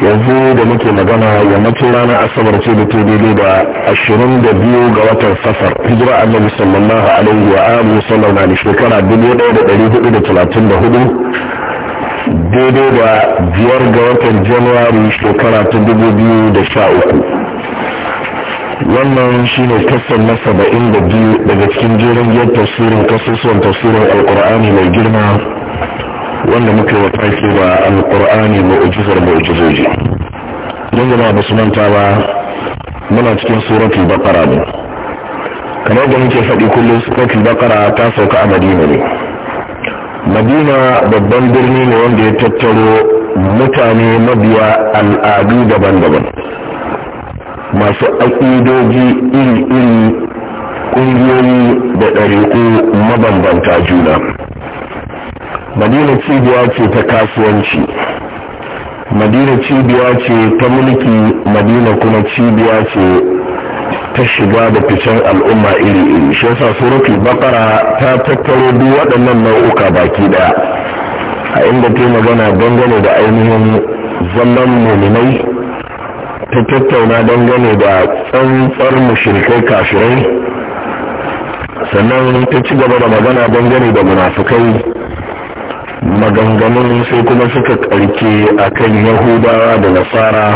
yanzu da muke magana yammacin ranar asabar ce da ta daidai da ashirin da biyu ga watan safar hijira annabi sallallahu alaihi wa alihi sallam na shekara dubu ɗaya da ɗari hudu da talatin da hudu daidai da biyar ga watan januari shekara ta dubu biyu da sha uku wannan shi ne kasan na saba'in da biyu daga cikin jerin tafsirin kasusuwan tafsirin alkur'ani mai girma wanda muka wa wataki ba alƙur'ani mu'ujizar mu'ujizoji don gama ba su manta ba muna cikin suratul baqara ne kamar da muke faɗi kullum suratul baqara ta sauka a madina ne madina babban birni ne wanda ya tattaro mutane mabiya al'adu daban-daban masu aƙidoji iri-iri ƙungiyoyi da ɗariƙu mabambanta juna madina cibiya ce ta kasuwanci madina cibiya ce ta mulki madina kuma cibiya ce ta shiga da ficen al'umma iri-iri shi yasa suratul bakara ta tattaro duk waɗannan nau'uka baki ɗaya a inda ta magana dangane da ainihin zaman muminai ta tattauna dangane da tsantsar mushrikai kafirai sannan ta ci gaba da magana dangane da munafukai maganganun sai kuma suka karke a kan yahudawa da nasara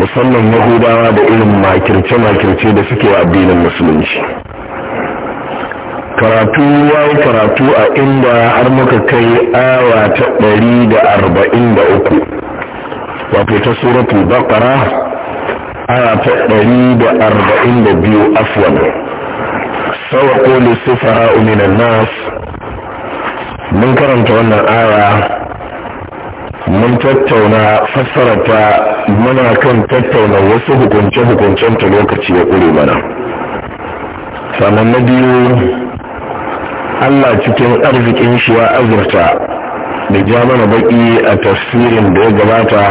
musamman yahudawa da irin makirce-makirce da suke wa addinin musulunci karatu ya yi karatu a inda har muka kai awa ta ɗari da da uku, wato ta suratu bakara Awa ta ɗari da da biyu afwan sawa qulu sufara min nas mun karanta wannan aya mun tattauna fassarata muna kan tattauna wasu hukunce-hukuncen ta lokaci ya ƙure mana sannan na biyu allah cikin arzikin shi ya azurta da ja mana baƙi a tafsirin da ya gabata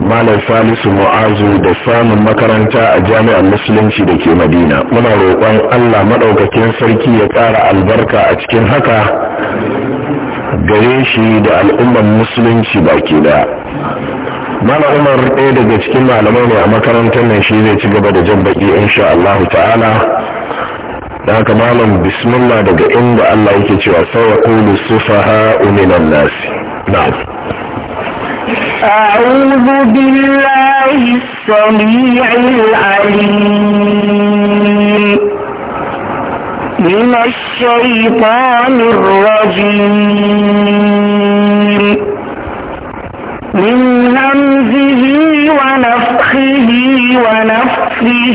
malam salisu mu'azu da samun makaranta a jami'ar musulunci da ke madina muna roƙon allah maɗaukakin sarki ya ƙara albarka a cikin haka gare shi da al'ummar musulunci baki da mana umar ɗaya daga cikin malamai ne a makarantar nan shi zai ci gaba da jan baki insha allahu ta'ala da haka malam bismillah daga inda allah yake cewa sawa ya kulu sufaha uminan nasi na'am أعوذ بالله السميع العليم من الشيطان الرجيم من همزه ونفخه ونفخه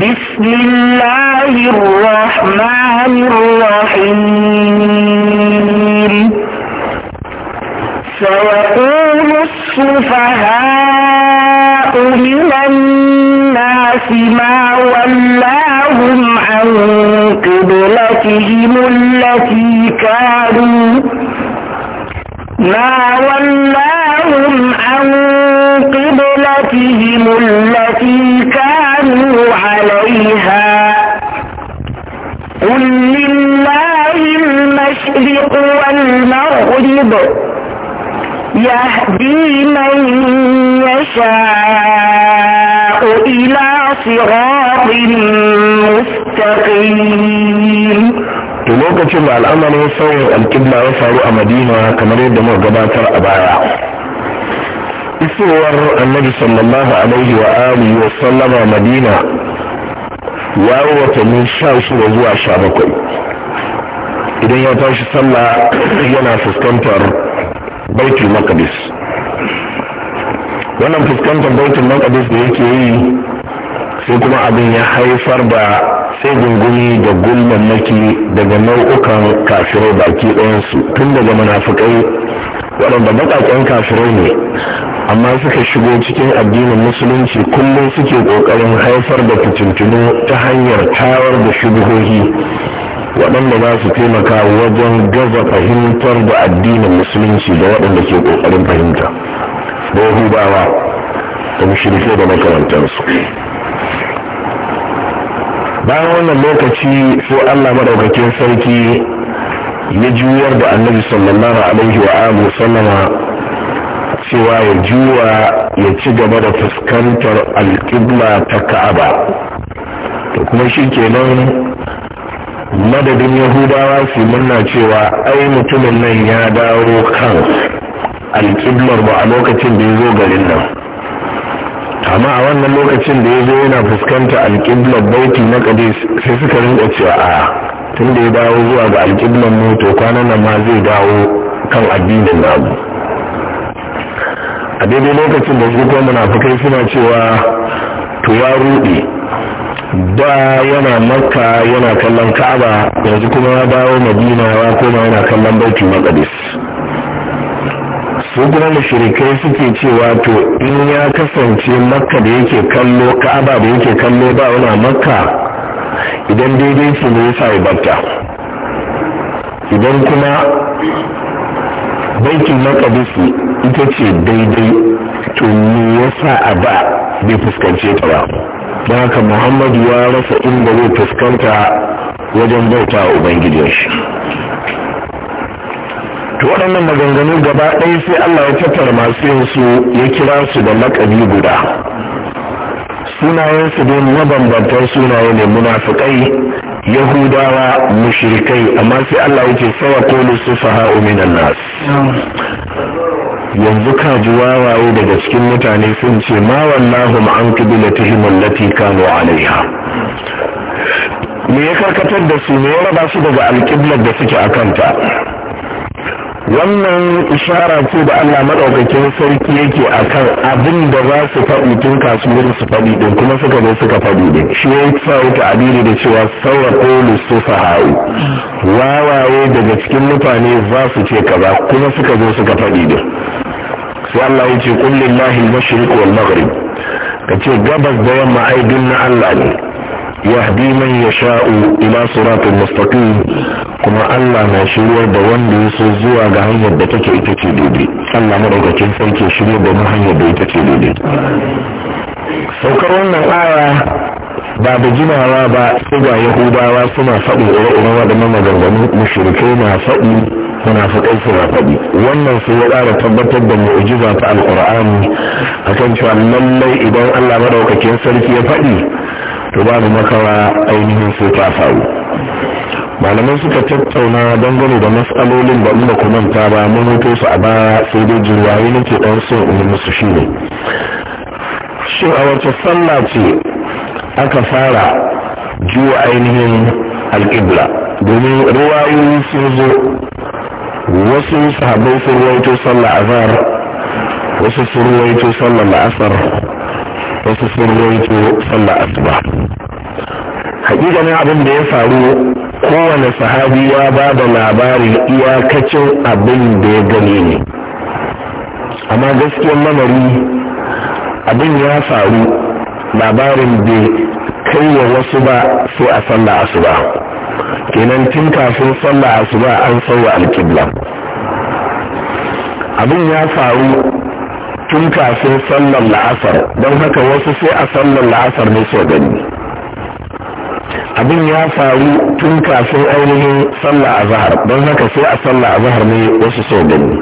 بسم الله الرحمن الرحيم سيقول السفهاء من الناس ما ولاهم عن قبلتهم التي كانوا ما ولاهم عن قبلتهم التي كانوا عليها قل لله المشرق والمغرب يهدي من يشاء إلى صراط مستقيم to lokacin da al'amarin sauyin alƙibla ya faru a madina kamar yadda muka gabatar a baya isowar annabi sallallahu alaihi wa alihi wa sallama madina ya yi watanni sha shida zuwa sha bakwai idan ya tashi sallah yana fuskantar baitul maqdis wannan fuskantar baitul maqdis da yake yi sai kuma abin ya haifar da sai gungumi da gulman maki daga nau'ukan kafirai baki ɗayansu tun daga munafukai waɗanda baƙaƙen kafirai ne amma suka shigo cikin addinin musulunci kullum suke ƙoƙarin haifar da fitintunu ta hanyar tawar da shubuhohi waɗanda za su taimaka wajen gaza fahimtar da addinin musulunci da waɗanda ke ƙoƙarin fahimta da yahudawa da mushrike da makarantarsu bayan wannan lokaci sai allah maɗaukakin sarki ya juyar da annabi sallallahu alaihi wa alihi sallama cewa ya juwa ya ci gaba da fuskantar alƙibla ta ka'aba to kuma shi kenan madadin yahudawa su muna cewa ai mutumin nan ya dawo kan alƙiblar ba a lokacin da ya zo garin nan amma a wannan lokacin da ya zo yana fuskanta alƙiblar bauti na kadis sai suka rinka cewa a tun da ya dawo zuwa ga alƙiblar mu to kwanan nan ma zai dawo kan addinin namu a daidai lokacin da su kuma munafukai suna cewa to ya ruɗe da yana makka yana kallon ka'aba yanzu kuma ya dawo madina ya koma yana kallon baitul maqdis su kuma mushrikai suke cewa to in ya kasance makka da yake kallo ka'aba da yake kallo ba yana makka idan daidai su ne yasa ibadta idan kuma baitul maqdis ita ce daidai to me yasa a ba bai fuskance ta ba don haka muhammadu ya rasa inda zai fuskanta wajen bauta a ubangijin shi to waɗannan maganganu gaba ɗaya sai allah ya tattara masu yin ya kira su da lakabi guda Sunayensu su dai sunaye ne munafukai yahudawa mushrikai amma sai allah ya ce sawa kolu su faha nasu. yanzu ka ji wawaye daga cikin mutane sun ce ma wallahu an qiblatihim lati kanu alaiha me ya karkatar da su ne ya raba su daga alƙiblar da suke akanta wannan ishara ce da Allah madaukakin sarki yake akan abin da za su faɗi tun kasuwar su faɗi din kuma suka zo suka faɗi din shi ya sa wuta adili da cewa sawa ƙolu su fahau wawaye daga cikin mutane za su ce kaza kuma suka zo suka faɗi din sai Allah ya ce kullin mashriq wal maghrib kace gabas da yamma ai na Allah ne yahdi man yasha'u ila siratul mustaqim kuma Allah na shiryar da wanda ya so zuwa ga hanyar da take ita ce daidai Allah madaukakin sarki shirya da mu hanyar da ita ce daidai saukar wannan aya ba da jimawa ba su ga yahudawa suna faɗin ire-iren waɗannan maganganu mushrikai na faɗi munafiqai suna faɗi wannan su ya ƙara tabbatar da mu'jiza ta alqur'ani akan cewa lallai idan Allah madaukakin sarki ya faɗi to babu makawa ainihin sai ta faru malamai suka tattauna dangane da matsalolin da inda ku ba mun hoto su a baya sai dai jirwaye nake dan so in musu ne. shi a wace sallah ce aka fara juwa ainihin alƙibla domin ruwayoyi sun zo wasu sahabbai sun ruwaito sallah azhar wasu sun ruwaito sallah la'asar wasu sun rawaito sallar asuba ne abin da ya faru kowane sahabi ya ba da labarin iyakacin abin da ya gani ne amma gaskiyar lamari abin ya faru labarin bai kai wa wasu ba sai a sallah asuba kenan tun kafin sallah asuba an sauya alkibla abin ya faru tun kafin sallar la'asar don haka wasu sai a sallar la'asar ne so gani abin ya faru tun kafin ainihin sallar azahar don haka sai a sallar azahar ne wasu so gani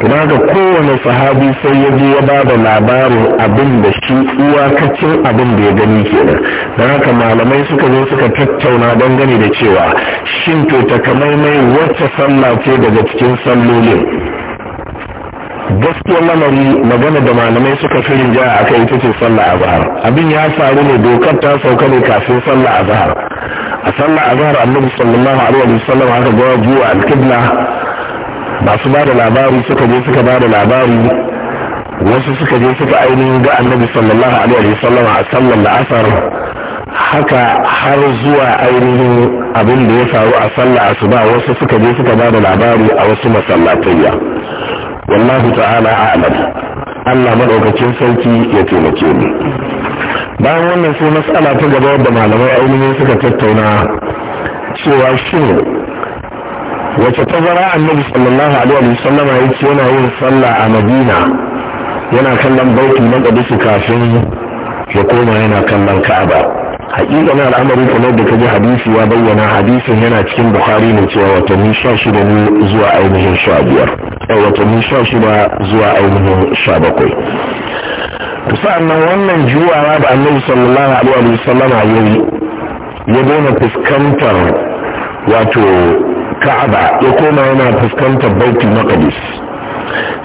kuma ga kowane sahabi sai ya je ya ba da labarin abin da shi kacin abin da ya gani kenan don haka malamai suka zo suka tattauna don gani da cewa shin to takamaimai wacce sallah ce daga cikin sallolin gaskiyar lamari magana da malamai suka fi rinja a kai ita ce sallah azhar abin ya faru ne dokar ta sauka ne kafin sallah azhar a sallah azhar annabi sallallahu alaihi wa sallam haka ga biyu alqibla masu ba da labari suka je suka ba da labari wasu suka je suka ainihin ga annabi sallallahu alaihi wa sallam a sallar la'asar haka har zuwa ainihin abin da ya faru a sallah asuba wasu suka je suka ba da labari a wasu masallatayya wallahu ta'ala a'lam Allah madaukakin sarki ya taimake ni. bayan wannan sai matsala ta gaba wadda malamai ainihin suka tattauna cewa shin wace tazara annabi sallallahu alaihi wasallama yake yana yin sallah a madina yana kallon bauti na kafin ya koma yana kallon ka'aba na al'amari kamar da kaji hadisi ya bayyana hadisin yana cikin bukhari ne cewa watanni sha shida ne zuwa ainihin sha biyar eh, watanni sha shida zuwa ainihin sha bakwai nan wannan juwawa da annabi sallallahu alaihi wa sallam ya yi ya daina fuskantar wato ka'aba ya koma yana fuskantar baitul maqdis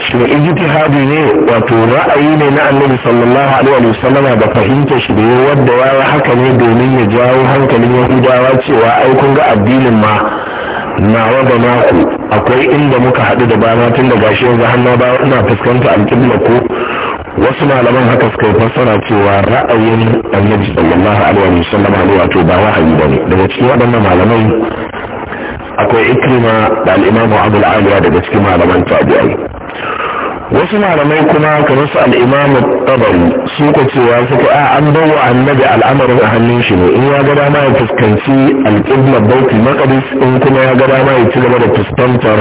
shi ijtihadi ne wato ra'ayi ne na annabi sallallahu alaihi wa sallama da fahimtar shi da wadda ya haka ne domin ya jawo hankalin yahudawa cewa ai kun ga addinin ma nawa da naku akwai inda muka haɗu da bana tun da gashi yanzu hannu ba na fuskanta alƙibla ko wasu malaman haka suka yi fassara cewa ra'ayin annabi sallallahu alaihi wa sallama ne wato ba wahayi ne daga cikin waɗannan malamai akwai ikrima da al'imamu abul aliya daga cikin malaman tabi'ai wasu malamai kuma kamar su al'imamu tabari su cewa suka a an bawa annabi al'amarin a hannun shi ne in ya ga dama ya fuskanci alƙibla bauti maqdis in kuma ya ga dama ya ci gaba da fuskantar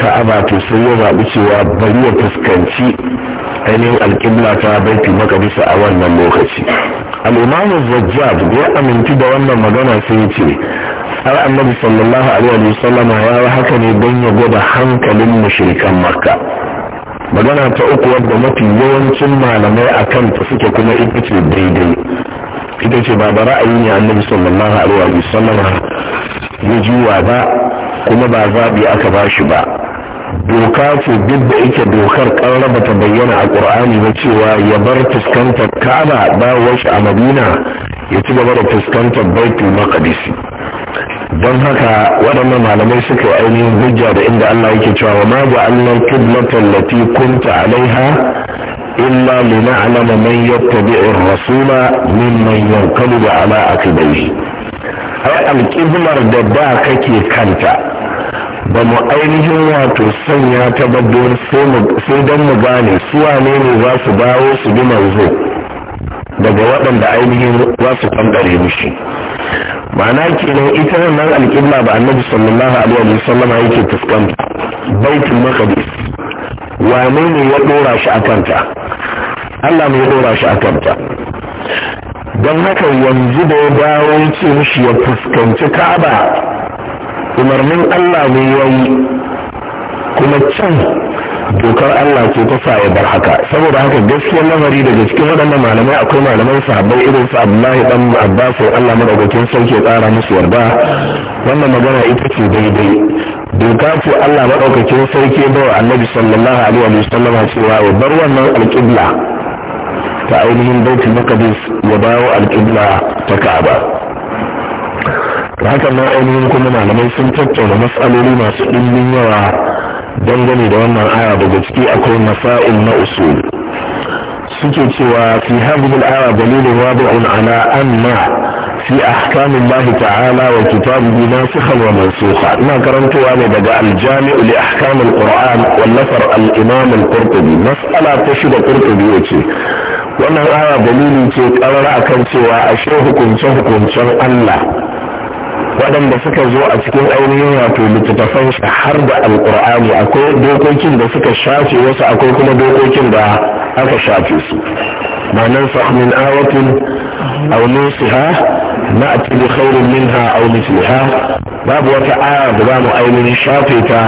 ka'aba to sai ya zaɓi cewa bari ya fuskanci ainihin alƙibla ta baiti maqdis a wannan lokaci al'imamu zajjab ya aminci da wannan magana sai ya ce har annabi sallallahu alaihi wa sallama ya yi haka ne don ya gwada hankalin mushrikan makka magana ta uku wadda mafi yawancin malamai a kanta suke kuma ita ce daidai ita ce ba da ra'ayi ne annabi sallallahu alaihi wa sallama ya juwa ba kuma ba zaɓi aka ba shi ba doka ce duk da yake dokar karraba ta bayyana a ƙur'ani na cewa ya bar fuskantar ka'aba dawowar shi a madina ya ci gaba da fuskantar Baitu, maqdisi don haka waɗannan malamai suka yi ainihin hujja da inda Allah yake cewa wa ma ga al-qiblata allati kunta 'alayha illa lina'lama man yattabi'u ar-rasula mimman yanqalibu 'ala aqibayhi ai al da da kake kanta ba mu ainihin wato sanya ta babbar sai don mu gane su wane ne za su dawo su bi manzo daga waɗanda ainihin za su ɓangare mushi ma'ana kenan ita nan alƙibla ba annabi sallallahu alaihi wa sallama yake fuskanta baitul maqdis wane ne ya ɗora shi a kanta Allah ne ya ɗora shi a kanta don haka yanzu da ya dawo ce mushi ya fuskanci ka'aba umarnin Allah ne ya yi kuma can dokar Allah ce ta sa bar haka saboda haka gaskiyar lamari daga cikin waɗannan malamai akwai malaman sahabbai irin su Abdullahi dan Abbas Allah madaukakin sarki ya tsara musu yarda wannan magana ita ce daidai doka ce Allah madaukakin sarki ba wa Annabi sallallahu alaihi wa sallam cewa ya bar wannan alƙibla ta ainihin Baitul Maqdis ya dawo alƙibla ta Ka'aba da haka ma ainihin kuma malamai sun tattauna matsaloli masu ɗimbin yawa dangane da wannan aya daga ciki akwai masa'il na usul suke cewa fi hadhihi al-aya dalilun wadi'un ala anna fi ahkam Allah ta'ala wa kitabihi nasikhan wa mansukha ina karantowa ne daga al-jami'u li ahkam al-Qur'an wallafar al-Imam al-Qurtubi mas'ala ta shida Qurtubi yace wannan aya dalili ce karar akan cewa ashe hukunce hukuncen Allah waɗanda suka zo a cikin ainihin wato littattafan shi har da alkur'ani akwai dokokin da suka shafe wasu akwai kuma dokokin da aka shafe su ma'anar sahmin awatin aw nusiha na'ti bi khairin minha aw babu wata aya da za mu ainihin shafe ta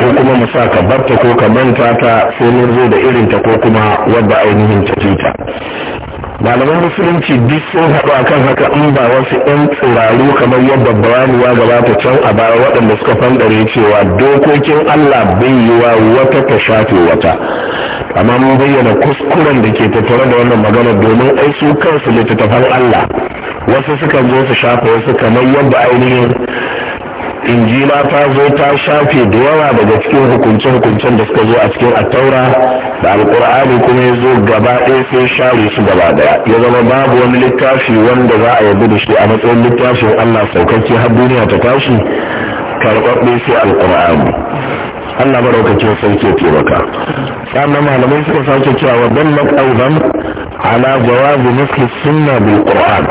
ko kuma mu sa ka barta ko ka manta ta sai mun zo da irin ta ko kuma wadda ainihin ta ta malaman musulunci duk sun haɗu a kan haka in ba wasu 'yan tsirarru kamar yadda bayani ya ta can a baya waɗanda suka fandare cewa dokokin allah bai yi wa wata ta shafe wata amma mun bayyana kuskuren da ke tattare da wannan magana domin ai su kansu littattafan allah wasu sukan zo su shafe wasu kamar yadda ainihin injila ta zo ta shafe da yawa daga cikin hukunce-hukuncen da suka zo a cikin attaura da alkur'ani kuma ya zo gaba ɗaya sai share su gaba daya ya zama babu wani littafi wanda za a yabi da shi a matsayin littafin allah saukakke har duniya ta tashi karɓaɓɓe sai alkur'ani allah maraukacin sarki ya taimaka sannan malamai suka sake cewa wannan maƙauban ala jawabi muslim sunna bil qur'an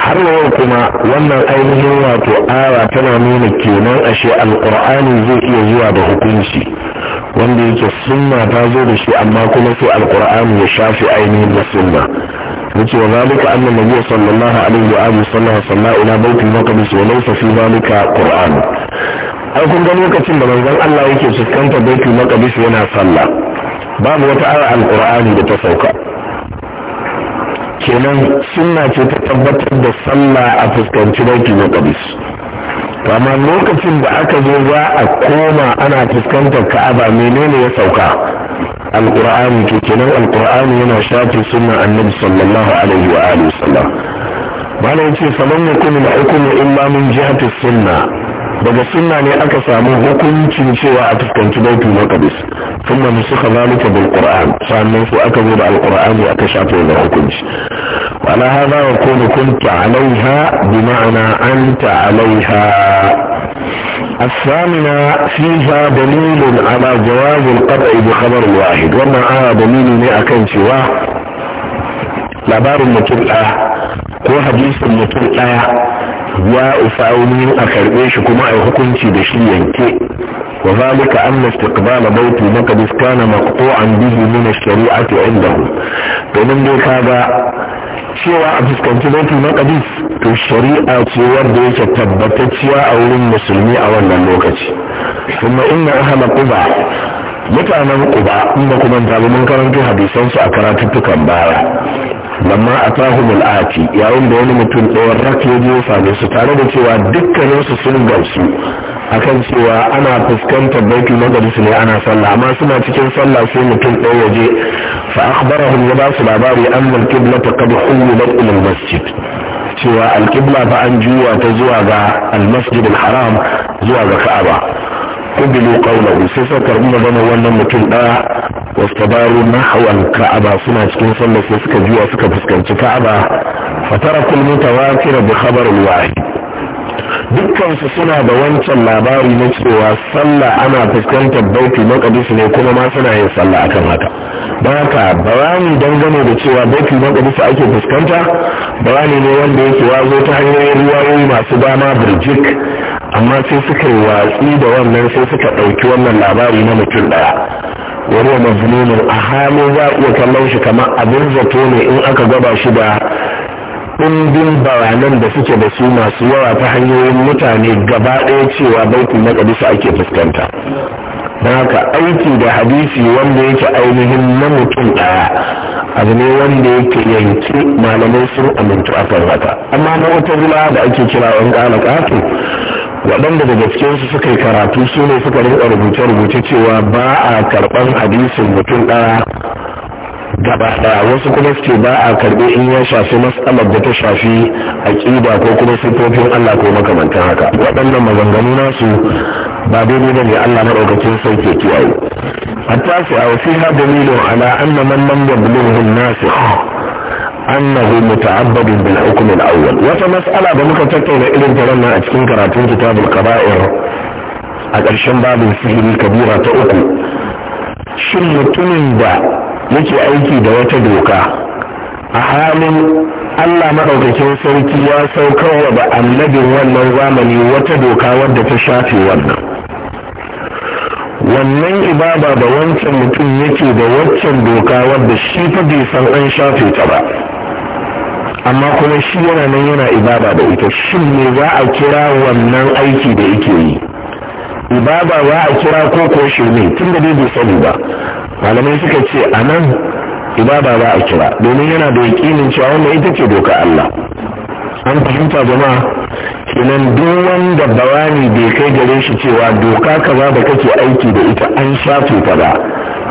har yau kuma wannan ainihin wato ara tana nuna kenan ashe alkur'ani zai iya zuwa da hukunci wanda yake sunna ta zo da shi amma kuma sai alkur'ani ya shafi ainihin da sunna yace wa zalika anna nabiy sallallahu alaihi wa alihi sallallahu salla ila baitul maqdis wa laysa fi zalika qur'an ai kun ga lokacin da manzon Allah yake fuskantar baitul maqdis yana sallah babu wata ara alkur'ani da ta sauka kenan suna ce ta tabbatar da sallah a fuskanci na maqdis amma lokacin da aka zo za a koma ana fuskantar ka'aba menene ya sauka alqur'ani ke kenan alqur'ani yana shafi sunna annabi sallallahu alaihi wa alihi wasallam malam yace falam yakun al illa min jihati sunna daga sunna ne aka samu hukuncin cewa a fuskanci baitul maqdis thumma nusikha zalika bil qur'an sannan su aka zo da alqur'ani aka shafe da hukunci wala hada wa kun kunta alaiha bi ma'ana anta alaiha الثامنة فيها دليل على جواز القطع بخبر واحد وما آه دليل لأكن سواه labarin mutum ɗaya ko hadisin mutum ɗaya ya isa a karɓe shi kuma a hukunci da shi yanke wa zalika anna istiqbal mauti maqdis kana maqtu'an bihi min ash-shari'ati indahu nan dai kaga cewa a fuskanci baitul maqdis to shari'a ce wanda yake tabbatacciya a wurin musulmi a wannan lokaci kuma inna ahla quba mutanen quba inda kuma ta mun karanto hadisansu a karatuttukan baya lamma atahum al'ati yayin da wani mutum ɗayan rak ya je same su tare da cewa dukkanin su sun gamsu akan cewa ana fuskantar baitul maqdis ne ana sallah amma suna cikin sallah sai mutum ɗaya ya je fa akhbarahum ya ba su labari an al-qiblata qad huwilat ila masjid cewa al-qibla fa an juwa ta zuwa ga al-masjid al-haram zuwa ga ka'aba kubilu kaula sai suka karbi maganar wannan mutum daya wastabaru hawan ka'aba suna cikin sallar sai suka juya suka fuskanci ka'aba fataraku mutawatir bi khabar wahid dukkan su suna da wancan labari na cewa sallah ana fuskantar bauti maqdis ne kuma ma suna yin sallah akan haka Baka, bayani dangane da cewa bauti maqdis ake fuskanta bayani ne wanda yake wazo ta hanyoyin riwayoyi masu dama birjik amma sai suka yi watsi da wannan sai suka ɗauki wannan labari na mutum ɗaya wani mazlumin a halin za a iya kallon shi kamar abin zato ne in aka gwada shi da ɗumbin bayanan da suke da su masu yawa ta hanyoyin mutane gaba ɗaya cewa baiti na ƙadisa ake fuskanta don haka aiki da hadisi wanda yake ainihin na mutum ɗaya abu ne wanda yake yanki malamai sun amintu a farfata amma na wata zula da ake kira wani ƙala ƙato waɗanda da gaske su suka yi karatu su ne suka rinƙa rubuce-rubuce cewa ba a karɓan hadisin mutum ɗaya gaba ɗaya wasu kuma suke ba a karɓe in ya shafi matsalar da ta shafi aƙida ko kuma sifofin Allah ko makamantan haka waɗannan maganganu nasu ba daidai ba ne Allah ɗaukacin sai ke kiyaye hatta su a wasu ha dalilin ala anna man da yablughu an annahu muta'abbadun bil hukm al awwal wata mas'ala da muka tattauna irin ta nan a cikin karatun kitabul qaba'ir a ƙarshen babin sihiri kabira ta uku shin mutumin da yake aiki da wata doka a halin Allah maɗaukakin sarki ya saukar wa annabin wannan zamani wata doka wadda ta shafe wannan wannan ibada da wancan mutum yake da waccan doka wadda shi fa bai san an shafe ta ba amma kuma shi yana nan yana ibada da ita shin me za a kira wannan aiki da yake yi ibada za a kira ko ko shirme tun da dai bai sani ba malamai suka ce a nan ibada za a kira domin yana da yaƙinin cewa wannan ita ce doka Allah an fahimta jama'a kenan duk wanda bayani bai kai gare shi cewa doka kaza da kake aiki da ita an shafe ta ba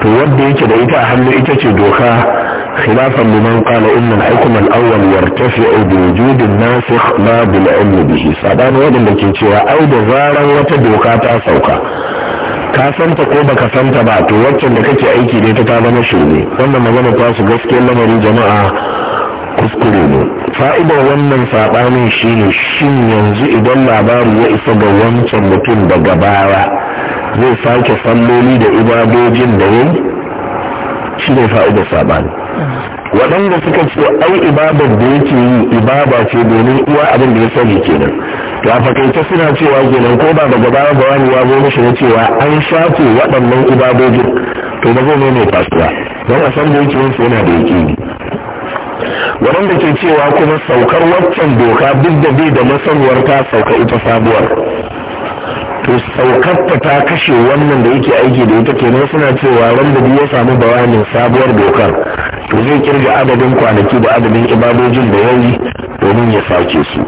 to wanda yake da ita a hannu ita ce doka khilafan liman qala inna al-hukm al-awwal yartafi'u bi wujud an-nasikh la bil ilm bihi sadan wanda ke cewa ai da zaran wata doka ta sauka ka santa ko baka santa ba to waccan da kake aiki da ita ta zama shirme wannan magana ta su gaskiyar lamarin jama'a kuskure ne fa'idar wannan saɓanin shine shin yanzu idan labari ya isa ga wancan mutum daga baya zai sake salloli da ibadojin da yau shi ne fa'idar saɓani waɗanda suka ce ai ibadar da yake yi ibada ce domin uwa abin da ya sani kenan to a fakaice suna cewa kenan ko ba daga baya ba wani ya zo na cewa an shafe waɗannan ibadojin to ba zai ne mai kasuwa don a san da yake yin yana da yake waɗanda ke cewa kuma saukar waccan doka duk da bai da masarwar ta sauka ita sabuwar to saukarta ta kashe wannan da yake aiki da ita kenan suna cewa wanda ya samu bayanin sabuwar dokar to zai kirga adadin kwanaki da adadin ibadojin da yayi domin ya sake su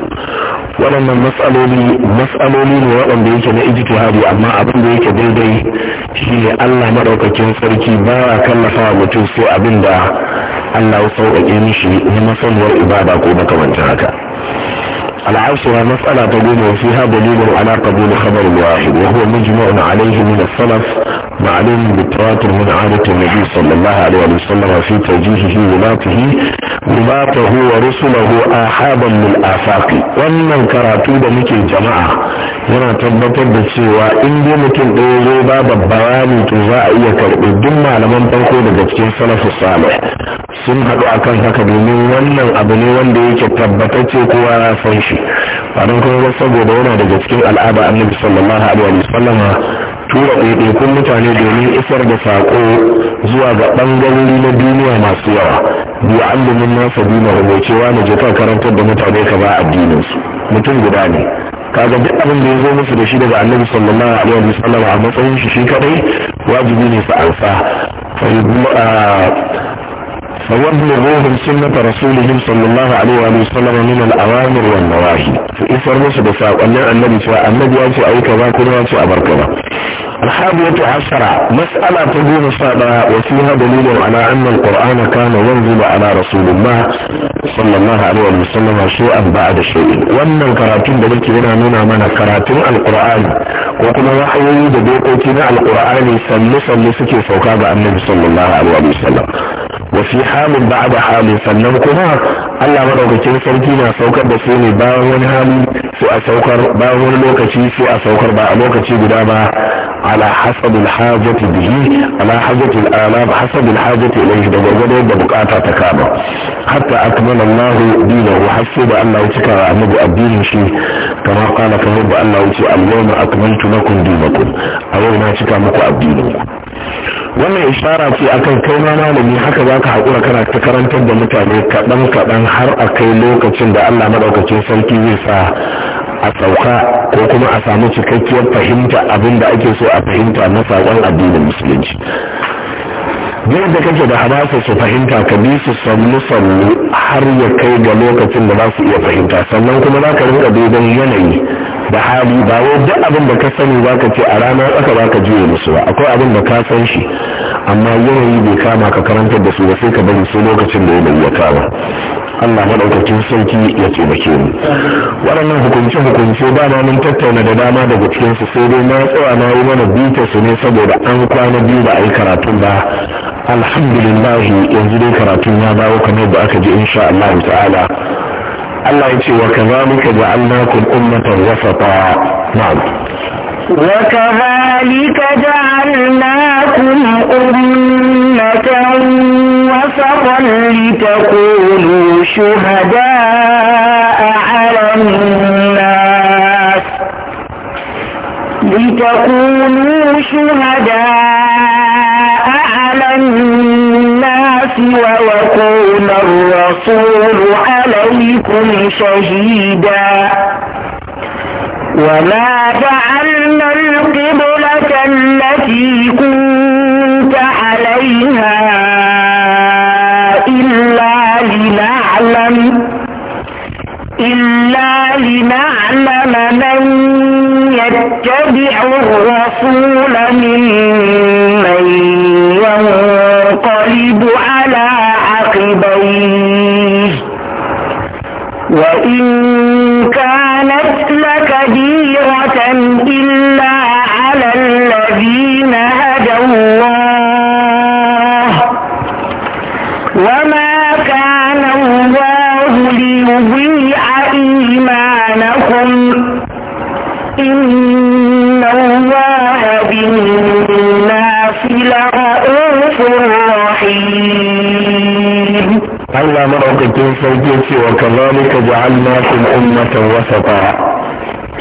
waɗannan matsaloli matsaloli ne waɗanda yake na hari amma abin da yake daidai shi ne Allah madaukakin sarki ba a kallafa mutum sai abin da Allah ya sauƙaƙe mishi na masanwar ibada ko makamancin haka العاشرة مسألة تقوم فيها دليل على قبول خبر واحد وهو مجمع عليه من الصلف معلوم بالتراتر من عادة النبي صلى الله عليه وسلم في توجيهه ولاته ولاته ورسله آحابا من الآفاق وأن الكراتو بمك الجماعة هنا تضبط بالسوى إن دي متن باب براني تزاع يكر الدم على من تنقو صلف الصالح سنحك أكن هكذا من أبني ون دي كتبتك shi kuma saboda yana daga cikin al'ada annabi sallallahu alaihi wa sallama tura ɗaiɗaikun mutane domin isar da saƙo zuwa ga ɓangarori na duniya masu yawa biyu allumin nasa dina da cewa na je karantar da mutane ka ba addininsu mutum guda ne kaga duk abin da ya zo musu da shi daga annabi sallallahu alaihi wa sallam a matsayin shi shi kadai wajibi ne su ansa فوابلغوهم سنة رسولهم صلى الله عليه وآله وسلم من الأوامر والنواهي في فإسر مصر بساء أن النبي سواء النبي أنت أي كذا كل أنت أبر كذا الحادية عشرة مسألة تقوم صعبة وفيها دليل على أن القرآن كان ينزل على رسول الله صلى الله عليه وسلم شيئا بعد شيء وأن الكراتين دلت لنا نونا من كراتين القرآن وكما وحيي دبيقوتنا القرآن سلسا لسكي فوقاب النبي صلى الله عليه وسلم وفي حال halin ba da halin sannan kuma Allah madaukakin sarki na saukar da su ne bayan wani hali su a saukar bayan wani lokaci su a saukar ba a lokaci guda ba ala hasabil hajati bihi ala hajati al'ala hasabil hajati ilayhi da gwagwado da bukata ta kama hatta akmala Allah dinahu hasu da Allah ya cika wa annabi addinin shi kama kana kamar da Allah ya ce al-yawma akmaltu lakum dinakum a yau na cika muku addinin ku wannan ishara ce akan kai ma malami haka za ka haƙura kana ta karantar da mutane kaɗan kaɗan har a kai lokacin da Allah maɗaukacin sarki zai sa a sauka ko kuma a samu cikakkiyar fahimta abin da ake so a fahimta na saƙon addinin musulunci biyar da kake da hamasa su fahimta ka bi su sannu sannu har ya kai ga lokacin da za su iya fahimta sannan kuma za ka rinka duban yanayi da hali ba wai duk abin da ka sani za ce a ranar tsaka baka ka juye musu ba akwai abin da ka san shi amma yanayi bai kama ka karantar da su ba sai ka bari su lokacin da yanayi ya kama Allah maɗaukakin sauki ya taimake mu waɗannan hukunce-hukunce dama mun tattauna da dama daga su sai dai na tsaya na yi mana bita su ne saboda an kwana biyu ba a yi karatun ba alhamdulillah yanzu dai karatun ya dawo kamar da aka ji insha Allah ta'ala الله ya وكذلك جعلناكم أمة وسطا نعم وكذلك جعلناكم أمة وسطا لتكونوا شهداء على الناس لتكونوا شهداء ويكون الرسول عليكم شهيدا وما جعلنا القبلة التي كنت عليها إلا لنعلم إلا لنعلم من يتبع الرسول من وإن وكذلك جعلناكم أمة وسطا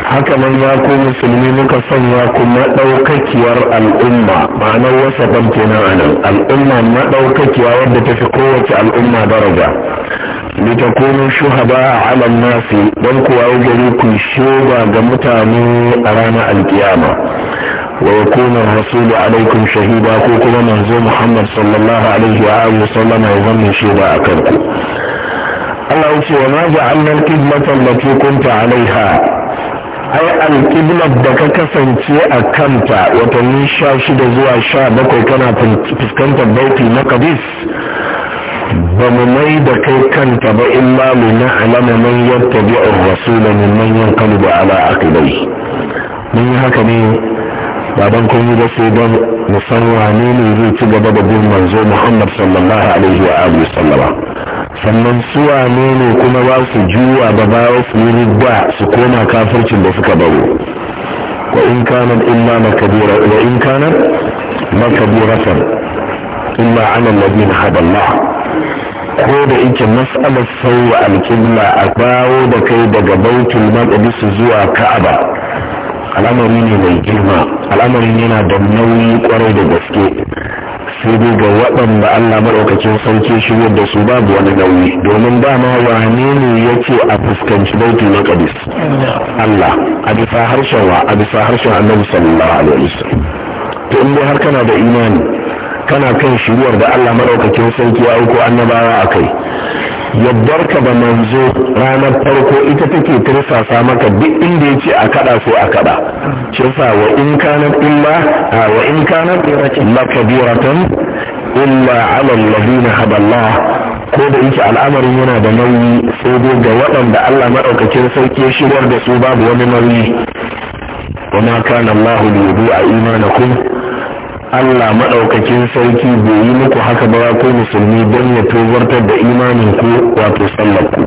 حكما ياكو مسلمين كصن ياكو ما دوكك ور الأمة معنى وسطا كنا الأمة ما دوكك ورد في قوة الأمة درجة لتكونوا شهداء على الناس دوكو أوجدوكم الشهداء جمتاني أرانا القيامة ويكون الرسول عليكم شهيدا كوكو محمد صلى الله عليه وآله وسلم يظن شهداء أكبر Allah ya ce wa ma ja'alna al-qiblata kunta 'alayha ai al da ka kasance a kanta watanni sha shida zuwa sha bakwai kana fuskantar na maqdis ba mu mai da kai kanta ba illa mu na'lama man yattabi'ur rasula mimman yanqalibu ala aqibai mun yi haka ne ba don yi ba sai don san wane ne zai ci gaba da bin manzo muhammad sallallahu alaihi wa alihi sallama sannan su wane ne kuma ba su juwa ba ba su yi ridda su koma kafircin da suka baro wa in kana illa makabira wa in kanat makabiratan illa ala alladhina hadallah ko da yake mas'alar sauwa alƙibla a bawo da kai daga bautul maqdis zuwa ka'aba al'amari ne mai girma al'amarin yana da nauyi kwarai da gaske sai dai ga waɗanda Allah maɗaukakin sauke shigar da su babu wani nauyi domin dama wane ne ya ce a fuskanci bauti na ƙadis Allah a bisa harshen wa a bisa harshen annabi sallallahu alaihi wasallam to in dai har kana da imani kana kan shiruwar da Allah maɗaukakin sauki ya aiko annabawa a kai yaddarka da manzo ranar farko ita take tirsasa maka duk inda ya ce a kada sai a kada shi wa in kanat illa wa in kanat lakabiratan illa ala alladhina hadallah ko da yake al'amarin yana da nauyi sai dai ga waɗanda Allah madaukakin sarki shigar da su babu wani nauyi وما Allahu الله ليضيع إيمانكم Allah maɗaukakin sarki bai yi muku haka ba ko musulmi don ya tozartar da imanin ku wato sallar ku.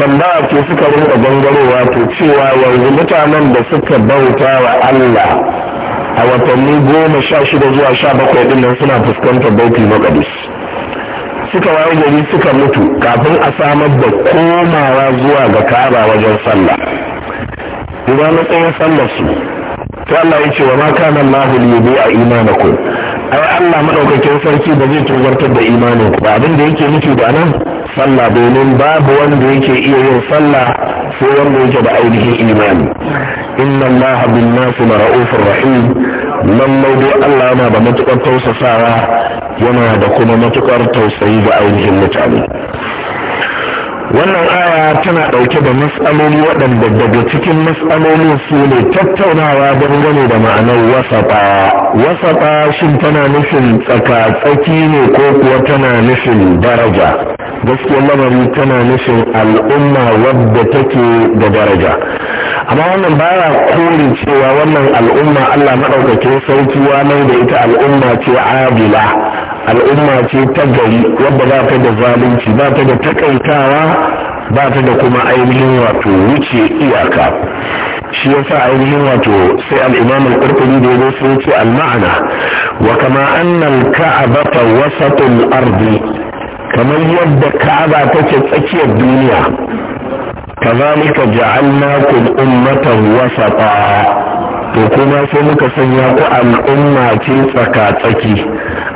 Tambaya ce suka rinka gangarowa to cewa yanzu mutanen da suka bauta wa Allah a watanni goma sha shida zuwa sha bakwai ɗin nan suna fuskantar bauti maƙadis. Suka waye gari suka mutu kafin a samar da komawa zuwa ga kaba wajen sallah. Ina matsayin sallar su to Allah ya ce wa ma kana Allah liyubi'a imanakum ai Allah madaukakin sarki ba zai tuzartar da imanin ku ba abin da yake nufi ba nan sallah domin babu wanda yake iya yin sallah sai wanda yake da ainihin imani inna Allah bin nasi ra'ufur rahim nan dai Allah yana da matukar tausasawa yana da kuma matukar tausayi ga ainihin mutane wannan aya tana ɗauke da matsaloli waɗanda daga cikin matsalolin su ne tattaunawa dangane da ma'anar wasaɓa wasaɓa shin tana nufin tsakatsaki ne ko kuwa tana nufin daraja gaskiyar lamari tana nufin al'umma wadda take da daraja amma wannan baya kore cewa wannan al'umma allah maɗaukakin sarki walau da ita al'umma ce adila al'umma ce ta gari wadda ba ta da zalunci ba ta da takaitawa ba ta da kuma ainihin wato wuce iyaka shi yasa ainihin wato sai al-imam al-qurtubi da yake sai yace al-ma'ana wa kama anna al-ka'bata wasatul ardi kamar yadda ka'aba take tsakiyar duniya kazalika ja'alnakum ummatan wasata to kuma sai muka sanya ku al'umma ce tsaka-tsaki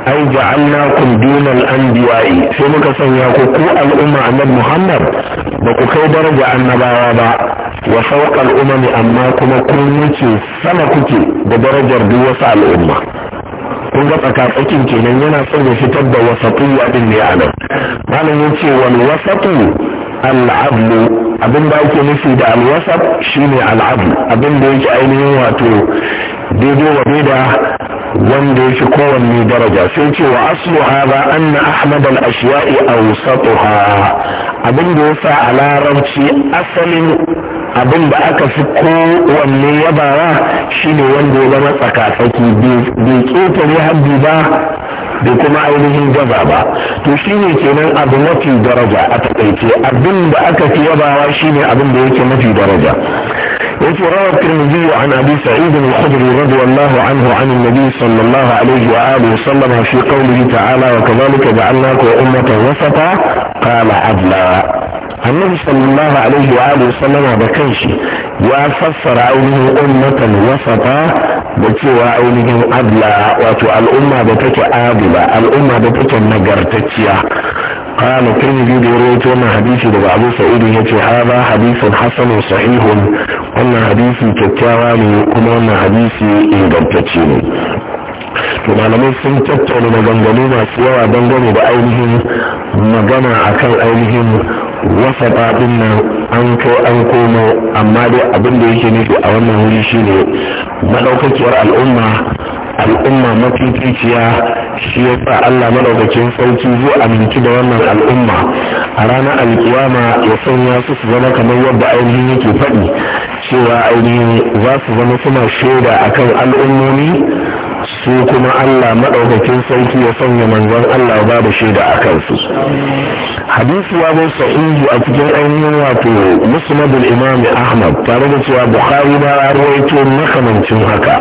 ai an biya anbiya'i sai muka sanya ku ku al'umma annab Muhammad ba ku kai daraja annabawa ba wa al'umma ne amma kuma kun wuce sama kuke da darajar duk wasu al'umma kun ga tsaka-tsakin kenan yana son ya fitar da wasatiyya ɗin ne a nan Malamin ce wani wasatu al'ablu abin da ake nufi da alwasab shine al'ablu abin da yake ainihin wato daidai wa daida wanda yake kowanne daraja sai ce wa aslu hadha anna ahmad al ashya'i awsatuha abin da yasa a larabci asalin abin da aka fi kowanne yabawa shine wanda ya zama tsakatsaki bai ƙetare haddi ba da kuma ainihin gaza ba to shine kenan abu mafi daraja a takaice abin da aka fi yabawa shine abin da yake mafi daraja yake rawar tirmidhi an abi sa'id al-khudri رضي الله عنه عن النبي صلى الله عليه وآله وسلم في قوله تعالى وكذلك جعلناك أمة وسطا قال عدلا النبي صلى الله عليه وآله وسلم بكنش يا فسر عينه أمة وسطا بتوى عينه عدلا واتو الأمة بتك عادلة الأمة بتك نقرتتيا قال الترمذي بيروت وما حديث دبا أبو سعيد يتي هذا حديث حسن صحيح وانا حديثي كتاواني كما حديث hadisi ingantacce ne to malamai sun tattauna maganganu masu yawa dangane da ainihin magana akan ainihin wasa ɗin nan an kai an komo amma dai abinda da yake nufi a wannan wuri shine madaukakiyar al'umma al'umma mafificiya shi ya sa Allah madaukakin sarki zai aminci da wannan al'umma a ranar alkiyama ya sanya su su zama kamar yadda ainihin yake faɗi cewa ainihin za su zama suna shaida akan al'ummomi su kuma Allah maɗaukakin sarki ya sanya manzon Allah ba da shaida a kansu. Hadisi ya bar sahihi a cikin ainihin wato Musnadul Imam Ahmad tare da cewa Bukhari ba ya rawaito makamancin haka.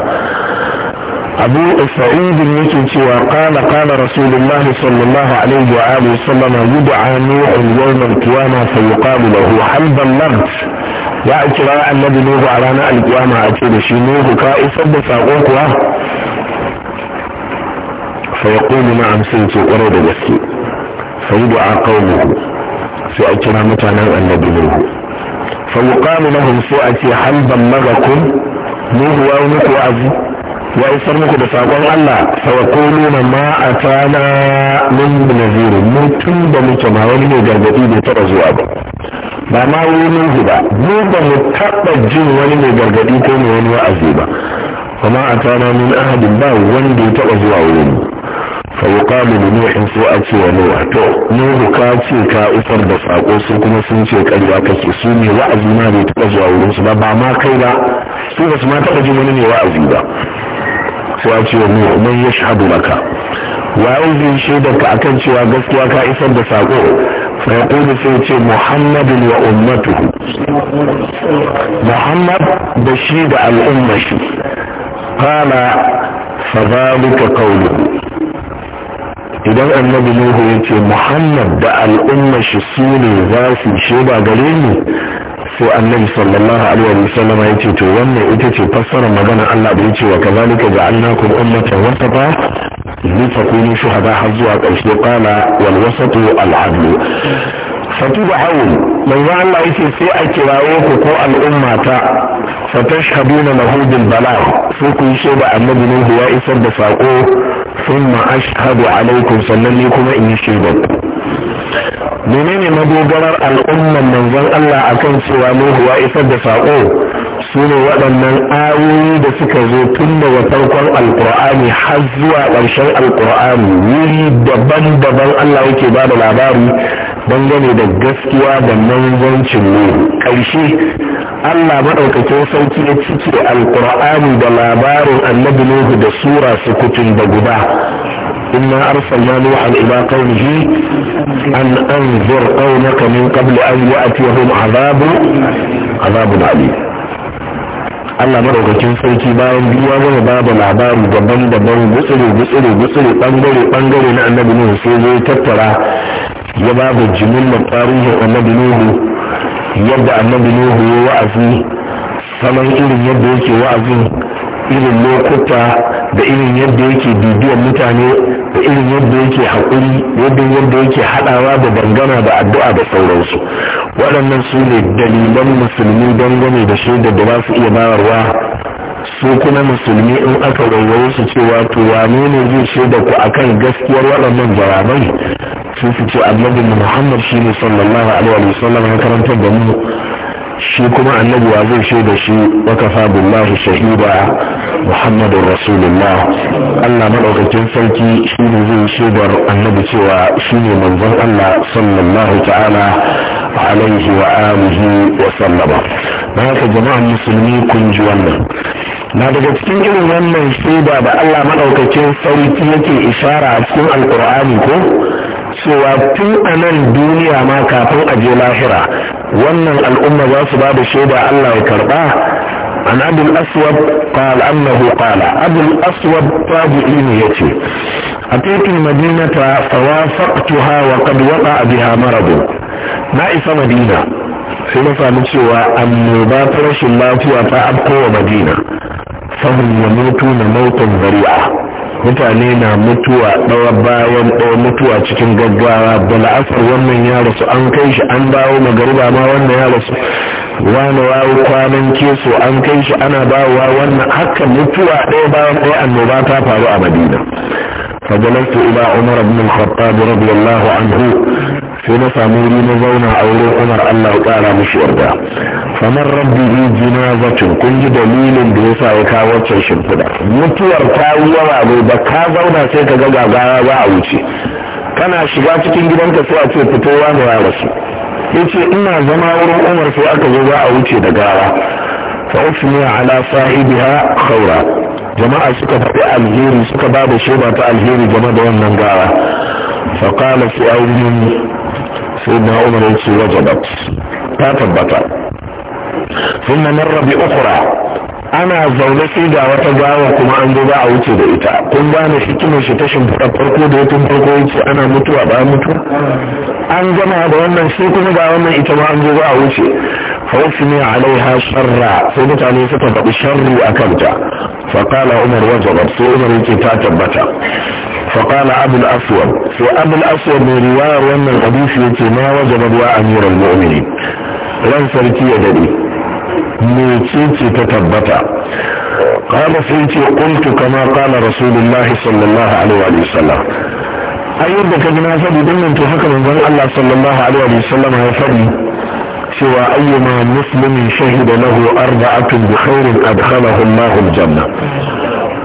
abu sa'idin yake cewa qala qala rasulullah sallallahu alaihi wa alihi sallama yud'a nuhun yawm al-qiyama fa yuqalu lahu hal ballagt ya a kira annabi nuhu a ranar alkiyama a ce da shi nuhu ka isar da sako kuwa fa yaqulu na'am sai ce kwarai da gaske fa yud'a qaumuhu sai a kira mutanen annabi nuhu fa yuqalu lahum sai a ce hal ballagakum nuhu wa nuku azu ya isar muku da sakon Allah sawakulu na ma a tana min naziru mun tun da muke ma wani mai gargadi bai taɓa zuwa ba ba ma wani mun ba mu ba mu taɓa jin wani mai gargadi ko mai wani wa'azi ba kuma a tana min ahadin ba wanda ya taɓa zuwa wani فيقال لنوح to ونوح ka ce ka isar da sako su kuma sun ce ƙarya kake su ne wa'azi ma bai taɓa zuwa wurin su ba ba ma kai ba su ba su ma taɓa jin wani ne wa'azi ba cewa mu dan ya shahadu maka wa yanzu shaidarka akan cewa gaskiya فيقول سيتي محمد وأمته محمد بشيد الأمة قال فذلك قوله إذا النبي نوح محمد دع الأمة سوني ذاتي شيبا قليلي sai annabi sallallahu alaihi wasallam ya ce to wannan ita ce fassara magana Allah da yake wa kazalika ja'alnakum ummatan wasata li takunu shuhada har zuwa ƙarshe qala wal wasatu al adlu fatuba hawo manzo Allah yake sai a kirawo ku ko al'umma ta fatashhaduna lahu bil balagh sai ku yi shaida annabi ne ya isar da sako thumma ashhadu alaikum sannan ni kuma in yi shaida menene madogarar al'umman manzon Allah akan cewa Nuhu ya isar da sako sune waɗannan ayoyi da suka zo tun daga farkon alkur'ani har zuwa ƙarshen alkur'ani wuri daban-daban allah yake ba da labari dangane da gaskiya da manzancin ne ƙarshe allah maɗaukakin sauki ya cike alkur'ani da labarin annabi nuhu da sura sukutun da guda إنا أرسلنا نوحا إلى قومه أن أنذر قومك من قبل أن يأتيهم عذاب عذاب عليم Allah madaukakin sarki bayan biyu ya gama ba da labari daban-daban gutsire gutsire gutsire bangare bangare na annabi nuhu sai zai tattara ya ba da jimillar tarihin annabi nuhu yadda annabi nuhu ya wa'azi saman irin yadda yake wa'azin irin lokuta da irin yadda yake bibiyar mutane da irin yadda yake haƙuri yadda yadda yake haɗawa da dangana da addu'a da sauransu waɗannan su ne dalilan musulmi dangane da shaida da ba su iya bayarwa su kuma musulmi in aka waiwaye su cewa to wane ne zai shaida ku akan gaskiyar waɗannan jarabai? sun su ce annabi muhammad shine sallallahu alaihi wa sallam ya karantar da mu shi kuma annabi wa zai shaida shi wa kafa billahi shahida muhammadun rasulullah allah maɗaukakin sarki shi ne zai shaidar annabi cewa shi ne manzon allah sallallahu ta'ala alaihi wa alihi wa sallama na haka jama'an musulmi kun ji wannan na daga cikin irin wannan shaida da allah maɗaukakin sarki yake ishara a cikin alƙur'ani ko cewa tun a nan duniya ma kafin a je lahira wannan al'umma za su ba da shaida Allah ya karba an abul aswad qal annahu qala abul aswad tabi'i ne yace أتيت المدينة فوافقتها وقد وقع بها مرض na isa madina sai na sami cewa annoba ta rashin lafiya ta afko wa madina samun ya mutu na mautan zari'a mutane na mutuwa ɗawa bayan ɗawa mutuwa cikin gaggawa da la'asar wannan ya rasu an kai shi an dawo magariba ma wannan ya rasu wani wawo kwanan keso an kai shi ana bawa wannan haka mutuwa ɗaya bayan ɗaya annoba ta faru a madina فجلست إلى عمر بن الخطاب رضي الله anhu sai na samu wuri na zauna a wurin umar allah kara mushi yarda famar rabbi jina zacin kun ji dalilin da ya sa ya kawo wancan shimfiɗa mutuwar ta yi yawa ne ba ka zauna sai ka ga gagara ba a wuce kana shiga cikin gidanka sai a ce fitowa da ya rasu yace ina zama wurin umar sai aka zo ba a wuce da gara fa usmiya ala sahibiha khaura jama'a suka faɗi alheri suka ba da shaida ta alheri game da wannan gara fa qala fi sai na umar yace wajabat ta tabbata ثم مر بأخرى ana zaune sai ga wata gawa kuma an zo ba a wuce da ita kun gane hikimar shi ta shimfiɗa farko da tun farko wuce ana mutuwa ba mutu? an gama da wannan sai kuma ga wannan ita ma an zo ba a wuce fawasi ne alaiha sharra sai mutane suka faɗi sharri a kanta faƙala umar wajabar sai umar yake ta tabbata faƙala abul aswad sai abul aswad mai riwayar wannan hadisi yake ma wajabar wa amiral mu'mini ran sarki ya dade mecece ta tabbata kala sun ce kuntu kama kala rasulullahi sallallahu alaihi wa sallam ai yadda ka gina faɗi don nan to haka manzon Allah sallallahu alaihi wa sallam ya faɗi cewa ayyuma muslimin shahida lahu arba'atun bi khairin adkhalahu Allahu janna?"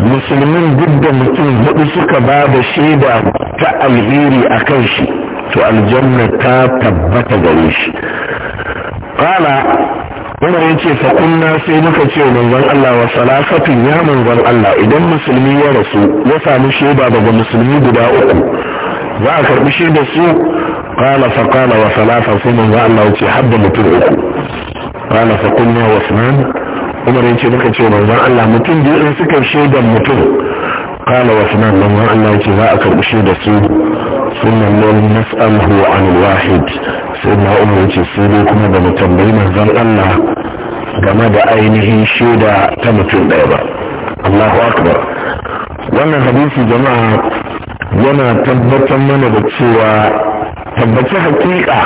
musulmin duk da mutum hudu suka ba da shaida ta alheri a kan shi to aljanna ta tabbata gare shi kala Umar ya ce fa sai muka ce manzon Allah wa salafatin ya manzon Allah idan musulmi ya rasu ya sami shaida daga musulmi guda uku za a karbi shaida su qala fa qala wa salafa sai manzon Allah ya ce hadda mutum uku qala fa wa sunan Umar ya ce muka ce manzon Allah mutum biyu in suka shaidan mutum qala wa sunan manzon Allah ya ce za a karbi shaida su ثم sai نسأله عن الواحد kuma da يتسيدي كما بمتنبي منزل الله كما بأينه شيدا تمتن دائما الله أكبر wannan hadisi jama'a yana tabbatar mana da cewa tabbaci hakika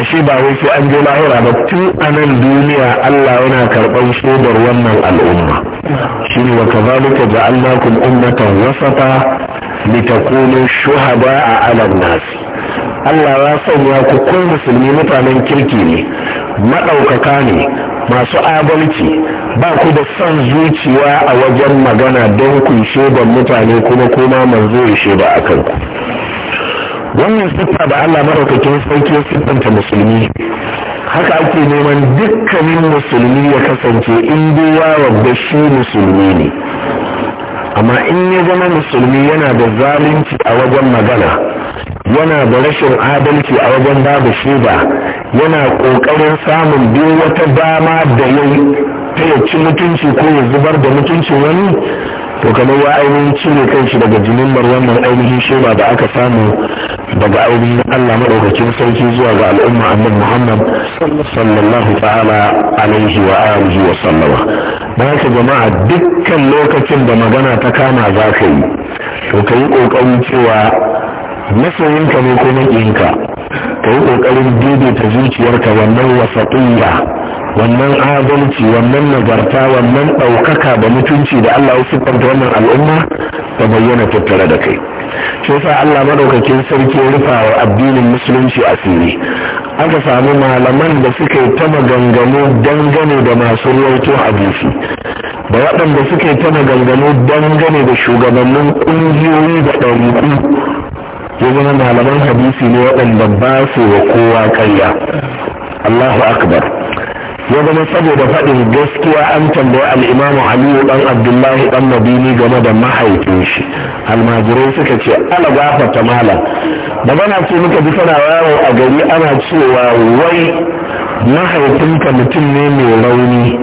ashe ba wai sai an je lahira ba tun a nan duniya Allah yana karɓar shaidar wannan al'umma shine wa kazalika ja'alnakum ummatan wasata litakunu shuhada a alam nasi Allah ya sanya ku ku musulmi mutanen kirki ne maɗaukaka ne masu adalci ba ku da son zuciya a wajen magana don ku da mutane kuma kuma manzo ya da a kanku wannan siffa da Allah maɗaukakin sarki ya siffanta musulmi haka ake neman dukkanin musulmi ya kasance in dai ya shi musulmi ne amma in ya zama musulmi yana da zalunci a wajen magana yana da rashin adalci a wajen babu shaida yana ƙoƙarin samun duk wata dama da ya ci mutunci ko ya zubar da mutuncin wani to kamar ya ainihin cire kanshi daga jimillar wannan ainihin sheba da aka samu daga ainihin Allah maɗaukacin sarki zuwa ga al'umma annabi Muhammad sallallahu ta'ala alaihi wa alihi wa sallama ba ka jama'a dukkan lokacin da magana ta kama za ka yi to ka yi ƙoƙarin cewa masoyinka ne ko maƙiyinka ka yi ƙoƙarin daidaita zuciyarka wannan wasaƙiyya wannan adalci wannan nazarta, wannan ɗaukaka da mutunci da Allah ya siffanta wannan al'umma ta bayyana tattare da kai shi yasa Allah maɗaukakin sarki ya rufa wa addinin musulunci asiri aka samu malaman da suka yi ta maganganu dangane da masu ruwaito hadisi da waɗanda suka yi ta maganganu dangane da shugabannin ƙungiyoyi da ɗariƙu ya zama malaman hadisi ne waɗanda ba su wa kowa ƙarya Allahu akbar ya zama saboda faɗin gaskiya an tambayi al'imamu aliyu ɗan abdullahi ɗan madini game da mahaifin shi almajirai suka ce ala gafata malam da bana ce muka bi tana yawo a gari ana cewa wai mahaifinka mutum ne mai rauni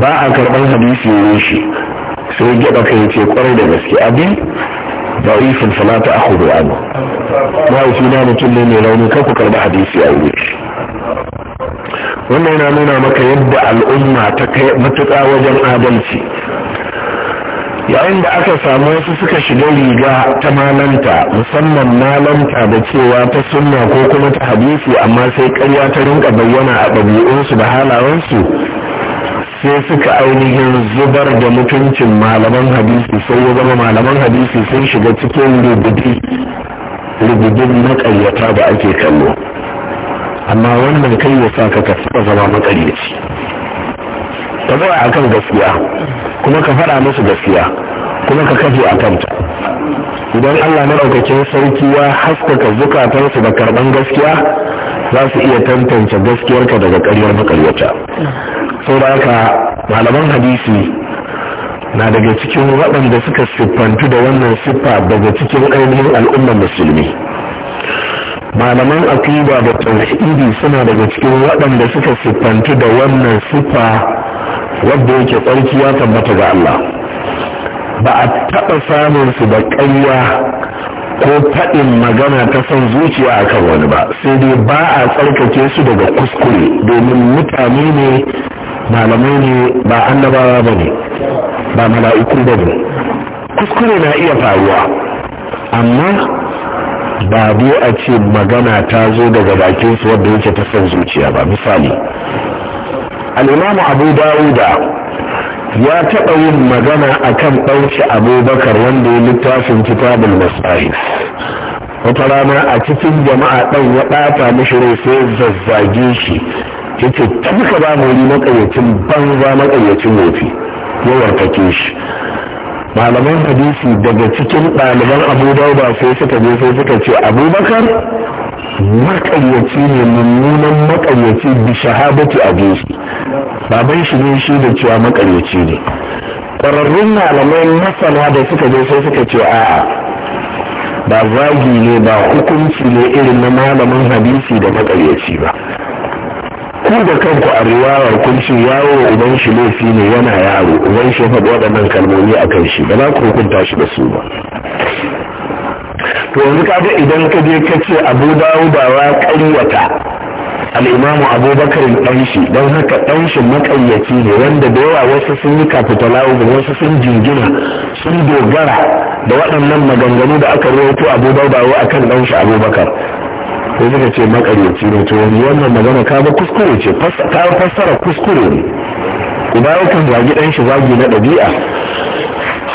ba a karɓar hadisi ne shi sai gyaɗa kai ce kwarai da gaske abin da'ifin salata a hudu anu mahaifina mutum ne mai rauni kan ku karɓi hadisi a wuri wannan yana nuna maka yadda al'umma ta kai matuƙa wajen adalci yayin da aka samu wasu suka shiga riga ta malanta musamman malanta da cewa ta sunna ko kuma ta hadisi amma sai karya ta rinka bayyana a ɗabi'unsu da halayensu sai suka ainihin zubar da mutuncin malaman hadisi sai ya zama malaman hadisi sun shiga cikin rubudin na da ake kallo amma wannan kai ya sa ka kasa zama makaryaci ka tsaya akan gaskiya kuma ka faɗa musu gaskiya kuma ka kafe a kanta idan allah na daukakin sarki ya haskaka zukatansu da karban gaskiya za su iya tantance gaskiyarka daga ƙaryar makaryata sau da haka malaman hadisi na daga cikin waɗanda suka siffantu da wannan siffa daga cikin ainihin al'ummar musulmi malaman akida da tauhidi suna daga cikin waɗanda suka siffantu da wannan siffa wadda yake tsarki ya tabbata ga Allah ba a taɓa samun su da ƙarya ko faɗin magana ta son zuciya a kan wani ba sai dai ba a tsarkake su daga kuskure domin mutane ne malamai ne ba annabawa ba ne ba mala'iku ba ne kuskure na iya faruwa amma ba dai a ce magana ta zo daga bakinsu wadda yake ta son zuciya ba misali al'imamu abu dawuda ya taɓa yin magana a kan ɗauki abubakar wanda ya littafin kitabul masahif wata rana a cikin jama'a ɗan ya ɗata mishi rai sai zazzage shi ya ce ka ba mu yi maƙayyacin banza maƙayyacin wofi ya wartake shi malaman hadisi daga cikin ɗaliban abu dauda sai suka je sai suka ce abubakar makayyaci ne mummunan makayyaci bi shahadati a jesu baban shi ne shi da cewa makayyaci ne ƙwararrun malamai masana da suka je sai suka ce a'a ba zagi ne ba hukunci ne irin na malaman hadisi da makayyaci ba ku da kanku a riwayar kun ce yawo uban shi laifi ne yana yaro uban shi faɗi waɗannan kalmomi a kan shi ba za ku hukunta shi da su ba to yanzu kaga idan ka je ka ce abu da wa ƙaryata al'imamu abubakar ɗan shi don haka ɗan shi makayyaci ne wanda da yawa wasu sun yi kafitalawu wasu sun jingina sun dogara da waɗannan maganganu da aka rawaito abu dawuda akan ɗan shi abubakar sai suka ce makaryaci ne to wannan magana ka ga kuskure ce ta fassara kuskure ne yakan zagi dan shi zagi na ɗabi'a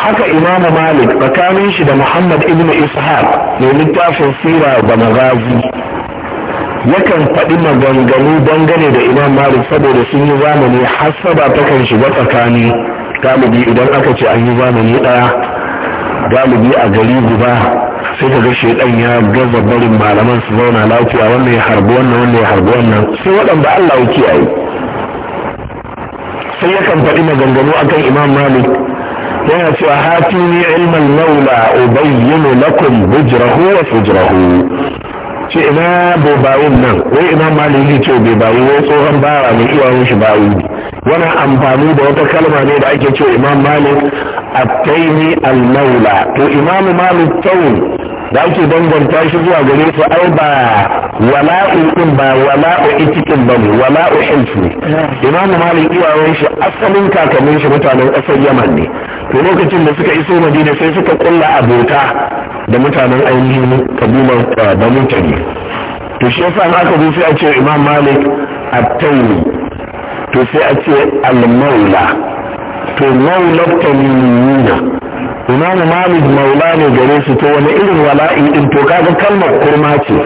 haka imamu malik tsakanin shi da muhammad ibn ishaq ne littafin sira da magazi yakan faɗi maganganu dangane da imam malik saboda sun yi zamani hasaba ta kan shiga tsakani galibi idan aka ce an yi zamani ɗaya galibi a gari guba sai ka ga shedan ya gaza barin malaman su zauna lafiya wannan ya harbi wannan wannan ya harbi wannan sai waɗanda Allah ya kiyaye sai yakan faɗi maganganu akan Imam Malik yana cewa hatini ilmal maula ubayyinu lakum bujrahu wa fujrahu ce ina bobawin nan wai ina maliki ce bobawi wai tsohon bara mai iwayen shi bawi wani amfani da wata kalma ne da ake ce imam malik taimi al-maula to imam malik taun da ake danganta shi zuwa gare su ai ba wala ukun ba wala'u itikin ba wala wala'u ne imam malik iwayen shi asalin kakannin shi mutanen ƙasar yaman ne to lokacin da suka iso madina sai suka kulla abota da mutanen ainihin kabilan eh, da mutane to shi yasa in aka zo sai a ce imam malik at-taymi to sai a ce al-maula to maula tamimiyuna imam malik maula ne gare su to wani irin wala'i din to kaga kalmar kurma ce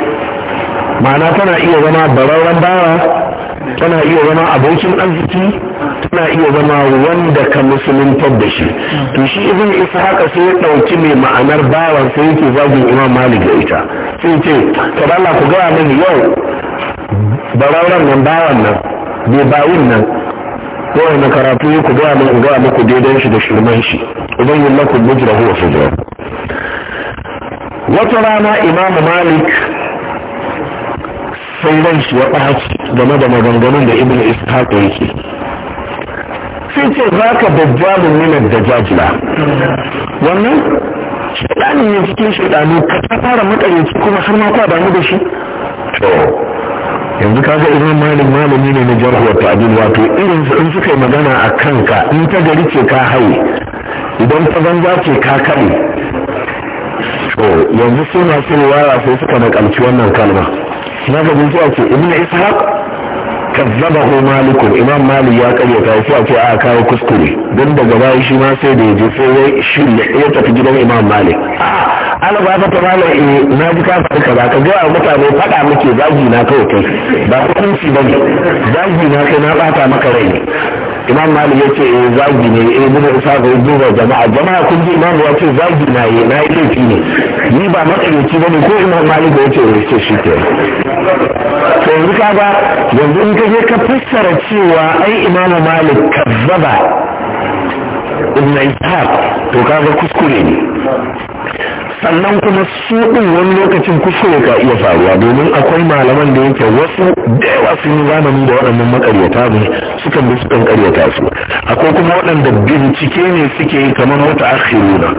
ma'ana tana iya zama bararren bawa tana iya zama abokin arziki tana iya zama wanda ka musuluntar da shi to shi ibn haka sai ya ɗauki mai ma'anar bawan sai yake zagin imam malik da ita sai ce kadalla ku gaya mun yau barauran nan bawan nan mai bawin nan Ko na karatu ku gaya min gaya muku daidan shi da shirman shi idan yallaku mujrahu wa sujra wata rana imamu malik sai ran shi ya ɓaci game da maganganun da ibn ishaq yake sai ce za ka dajjalin nuna da jajila wannan shaɗanin ne cikin shaɗanu ka ta fara matsalaci kuma har ma kwa damu da shi to yanzu ka ga irin malin malami ne na jarhuwa abin wato irin in suka yi magana a kanka in ta gari ce ka haye idan ta banza ce ka kaɗe to yanzu sai masu riwaya sai suka nakalci wannan kalma na ga zuwa ce ibn ishaq kazzabahu malikun imam malik ya karyata sai a ce a kawo kuskure don daga baya shi ma sai da yaje sai ya shirya ya tafi gidan imam malik ana ba ta malam eh na ji ka faɗi kaza ka gaya mutane faɗa muke zagi na kawai kai ba hukunci ba ne zagi na kai na ɓata maka rai ne imam malik ya ce eh, zagi ne eh bin isa ga duba jama'a jama'a kun ji imam ya ce zagi na yi na yi laifi ne ni ba ba ne ko imam malik ya ce ya eh, ce shi ke to yanzu ka ga yanzu in ka je ka fassara cewa ai imam malik kazzaba ibn ishaq to ga kuskure ne sannan kuma su ɗin wani lokacin kuskure ka iya faruwa domin akwai malaman da yake wasu da yawa sun yi zamani da waɗannan makaryata ne suka bi sukan karyata su akwai kuma waɗanda bincike ne suke yi kamar wata akhiruna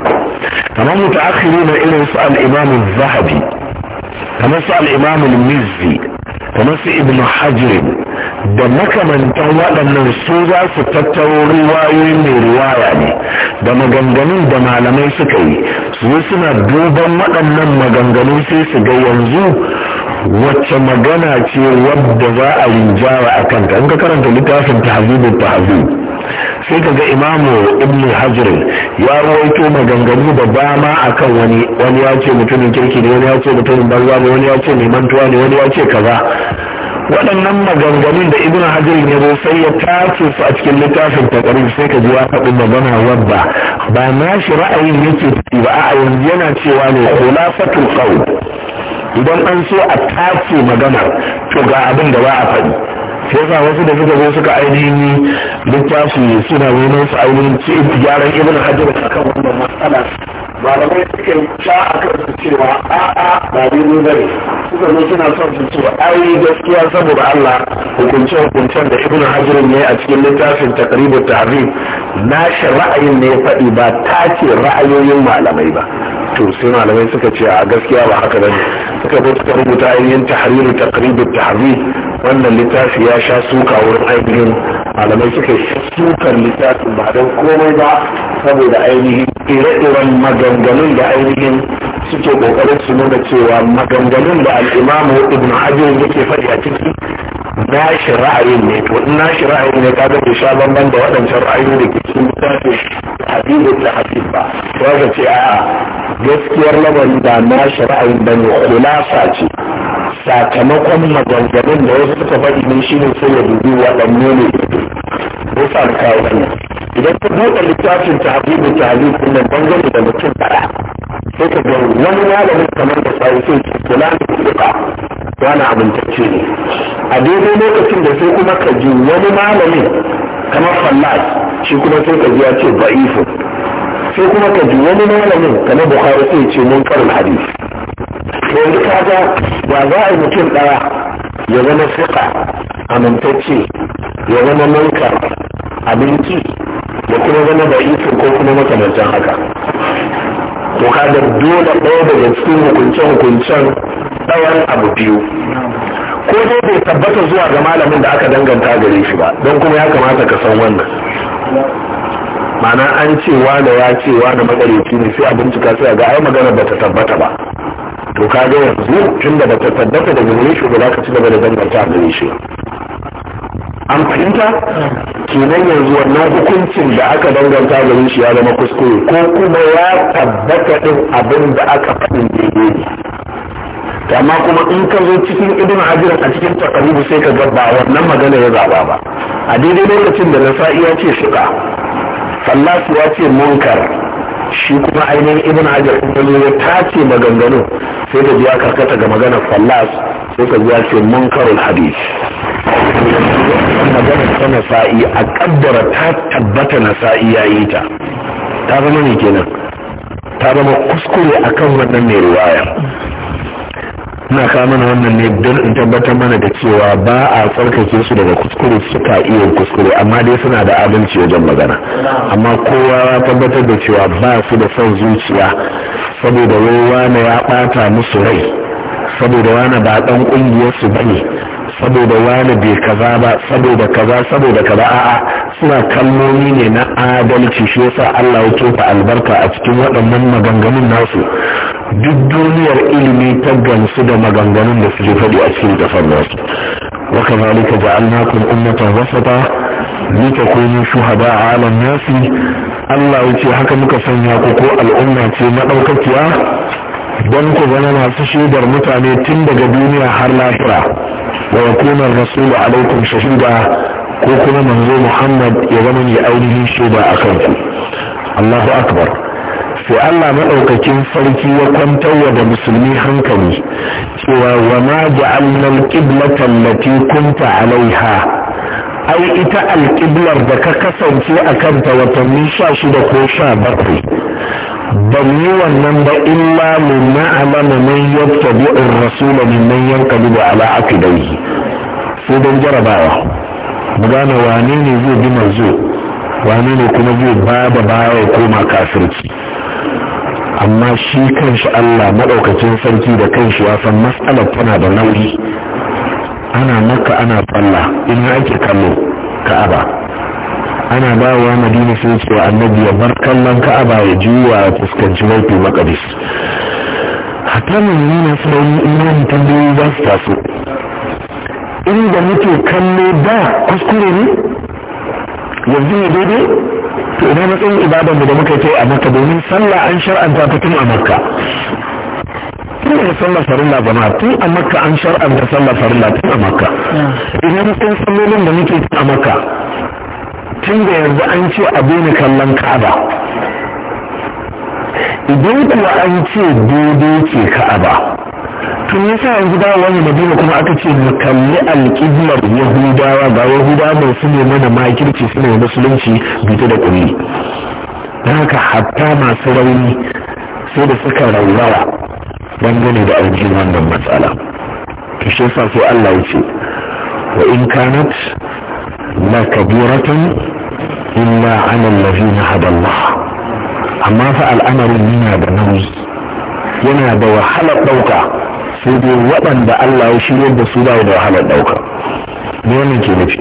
kamar wata akhiruna irin su al'imamin zahabi kamar su al'imamin mizzi kamar su ibn hajjir da makamantan waɗannan su za su tattaro riwayoyin mai riwaya ne da maganganun da malamai suka yi su suna duban waɗannan maganganun sai su ga yanzu wacce magana ce wadda za a rinjara a kanta in ka karanta littafin tahzibul tahzib sai ga imamu ibn hajar ya rawaito maganganu da dama akan wani wani ya ce mutumin kirki ne wani ya ce mutumin banza ne wani ya ce mai mantuwa ne wani ya ce kaza waɗannan maganganun da ibn hajar ya zo sai ya tace su a cikin littafin takarin sai ka ji ya faɗi magana wadda ba na shi ra'ayin yake tafi ba a yanzu yana cewa ne khulafatul qawl idan an so a tace magana to ga abin da ba a faɗi sai sa wasu da suka zo suka ainihin littafi suna neman su ainihin ci gyaran ibn hajar kan wannan matsala malamai suke sha a kan su cewa a'a ba daidai bane suka zo suna son su cewa ai gaskiya saboda Allah hukunce hukuncen da ibn hajar ne a cikin littafin taqribut ta'zim na shi ra'ayin ne ya faɗi ba ce ra'ayoyin malamai ba to sai malamai suka ce a gaskiya ba haka ne. suka zo suka rubuta ainihin tahriru taqribut ta'zim wannan littafi ya sha suka wurin ainihin malamai suka sukar littafin ba don komai ba saboda ainihin ire-iren maganganun da ainihin suke kokarin su nuna cewa maganganun da al'imamu ibn hajar yake faɗi a ciki nashi ra'ayin ne to in nashi ra'ayin ne kaga bai sha bamban da waɗancan ra'ayin da ke cikin littafin habibu da habib ba to ce a'a gaskiyar lamarin da nashi ra'ayin da ne kulasa ce sakamakon maganganun da wasu suka faɗi ne shi ne sai ya dubi waɗanne ne ko sa na kawo idan ka buɗe littafin ta habibu ta habibu nan bangare da mutum ɗaya sai ka ga wani malamin kamar da sai sai ce kula da kuɗa wani amintacce ne a daidai lokacin da sai kuma ka ji wani malamin kamar fallas shi kuma sai ka ji ya ce ba'ifu sai kuma ka ji wani malamin ka na bukhari sai ce mun karin hadis yanzu ka ga ba za a yi mutum ɗaya ya zama fiƙa amintacce ya zama manka abinci da kuma zama da isin ko kuma makamancin haka to kada dole ɗaya daga cikin hukunce-hukuncen ɗayan abu biyu ko dai bai tabbata zuwa ga malamin da aka danganta gare shi ba don kuma ya kamata ka san wannan ma'ana an ce wane ya ce wane magareci ne sai a bincika sai a ga ai magana ba ta tabbata ba to ka ga yanzu tun da ba ta tabbata da gani shi ba za ka ci gaba da danganta a gani shi an fahimta kenan yanzu wannan hukuncin da aka danganta gani shi ya zama kuskure ko kuma ya tabbata din abin da aka faɗin daidai ne amma kuma in ka zo cikin ibn hajar a cikin takaribu sai ka ga ba wannan magana ya zaba ba a daidai lokacin da sa iya ce shuka fallatu ya ce munkar shi kuma ainihin ibn hajar kuma ya tace maganganu sai da biya karkata ga maganar fallas sai ka biya ce munkarul hadis maganar ta nasa'i a kaddara ta tabbata nasa'i ya yi ta ta zama ne kenan ta zama kuskure akan wannan mai riwaya muna kawo mana wannan ne don in tabbatar mana da cewa ba a tsarkake su daga kuskure suka iya kuskure amma dai suna da adalci wajen magana amma kowa ya tabbatar da cewa ba su da son zuciya saboda rowa na ya bata musu rai saboda wane ba dan kungiyar su bane saboda wane bai kaza ba saboda kaza saboda kaza a'a suna kalmomi ne na adalci shi yasa Allah ya tofa albarka a cikin waɗannan maganganun nasu duk duniyar ilimi ta gamsu da maganganun da suke faɗi a cikin kasar nasu wa kamalika da annakun ummatan rasata. ni ta komi shuhada a alam nasi Allah ya ce haka muka sanya ku ko al'umma ce na ɗaukakiya don ku zama masu shaidar mutane tun daga duniya har lafira wa yakunar rasulu alaikum shahida ko kuma manzo muhammad ya zama mai ainihin shaida a kanku Allahu akbar. sai Allah maɗaukakin sarki ya kwantarwa da musulmi hankali cewa wa ma ja'alna al-qiblata a kunta alaiha ai ita alƙiblar da ka kasance a kanta watanni sha shida ko sha bakwai ban yi wannan ba illa mun na'alama man yattabi'ur rasula mimman yanqalibu ala aqidaihi sai don jarabawa mu gane wane ne zai bi manzo wani ne kuma zai ba da bayan koma kafirci amma shi kanshi Allah maɗaukacin sarki da kanshi ya san matsalar tana da nauyi ana maka ana falla in ake kallo ka'aba ana wa madina sun ce annabi ya bar kallon ka'aba ya juwa ya fuskanci baitul maqdis hatta nuna sarauni imani tambayoyi za su taso inda muke kallo da kuskure ne yanzu ne daidai to ina matsayin mu da muka kai a makka domin sallah an shar'anta ta tun a makka tun da sallah farilla ba tun a makka an shar'anta sallah farilla tun a makka ina matsayin sallolin da muke tun a makka tun da yanzu an ce a daina kallon ka'aba idan kuwa an ce daidai ce ka'aba tun me yasa yanzu da wani madina kuma aka ce mu kalli alƙiblar yahudawa ga yahudawa mai su ne mana makirci su ne musulunci bita da kuri don haka hatta masu rauni sai da suka raurawa dangane da ainihin wannan matsala to shi yasa sai Allah ya ce wa in kanat la kabiratun illa ala allazina hadallah amma fa al'amarin yana da nauyi yana da wahalar ɗauka sai dai waɗanda Allah ya shirya da su bawa da wahalar ɗauka ne wannan ke nufi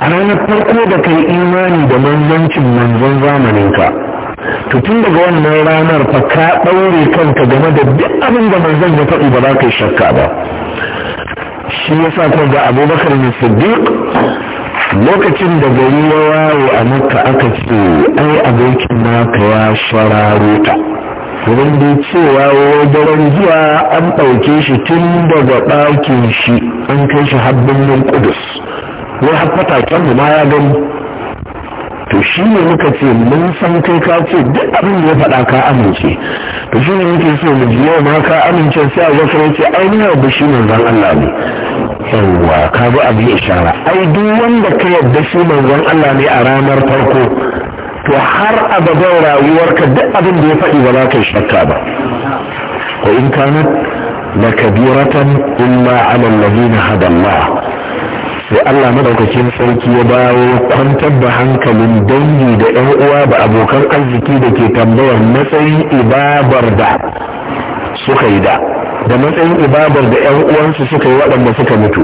a ranar farko da kai imani da manzancin manzon zamaninka to tun daga wannan ranar fa ka ɗaure kanka game da duk abin da manzon ya faɗi ba za ka yi shakka ba shi yasa kuma ga abubakar ne siddiq lokacin da gari ya waye a maka aka ce ai abokin naka ya shararo ta wurin da cewa daren zuwa an ɗauke shi tun daga ɗakin shi an kai shi habbin nan kudus wai har fata mu ma ya gani to shi ne muka ce mun san kai ka ce duk abin da ya faɗa ka amince to shi ne muke so mu ji ma ka amince sai abubakar ya ce ai na yarda shi manzon Allah ne yawwa ka bi abin ishara ai duk wanda ka yarda shi manzon Allah ne a ranar farko to har a abadan rayuwarka duk abin da ya faɗi ba za ka yi shakka ba ko in kanat لكبيرة إلا على الذين هدى الله sai Allah madaukakin sarki ya dawo kwantar da hankalin dangi da yan uwa da abokan arziki da ke tambayar matsayin ibabar da suka yi da da matsayin ibabar da yan uwansu suka yi waɗanda suka mutu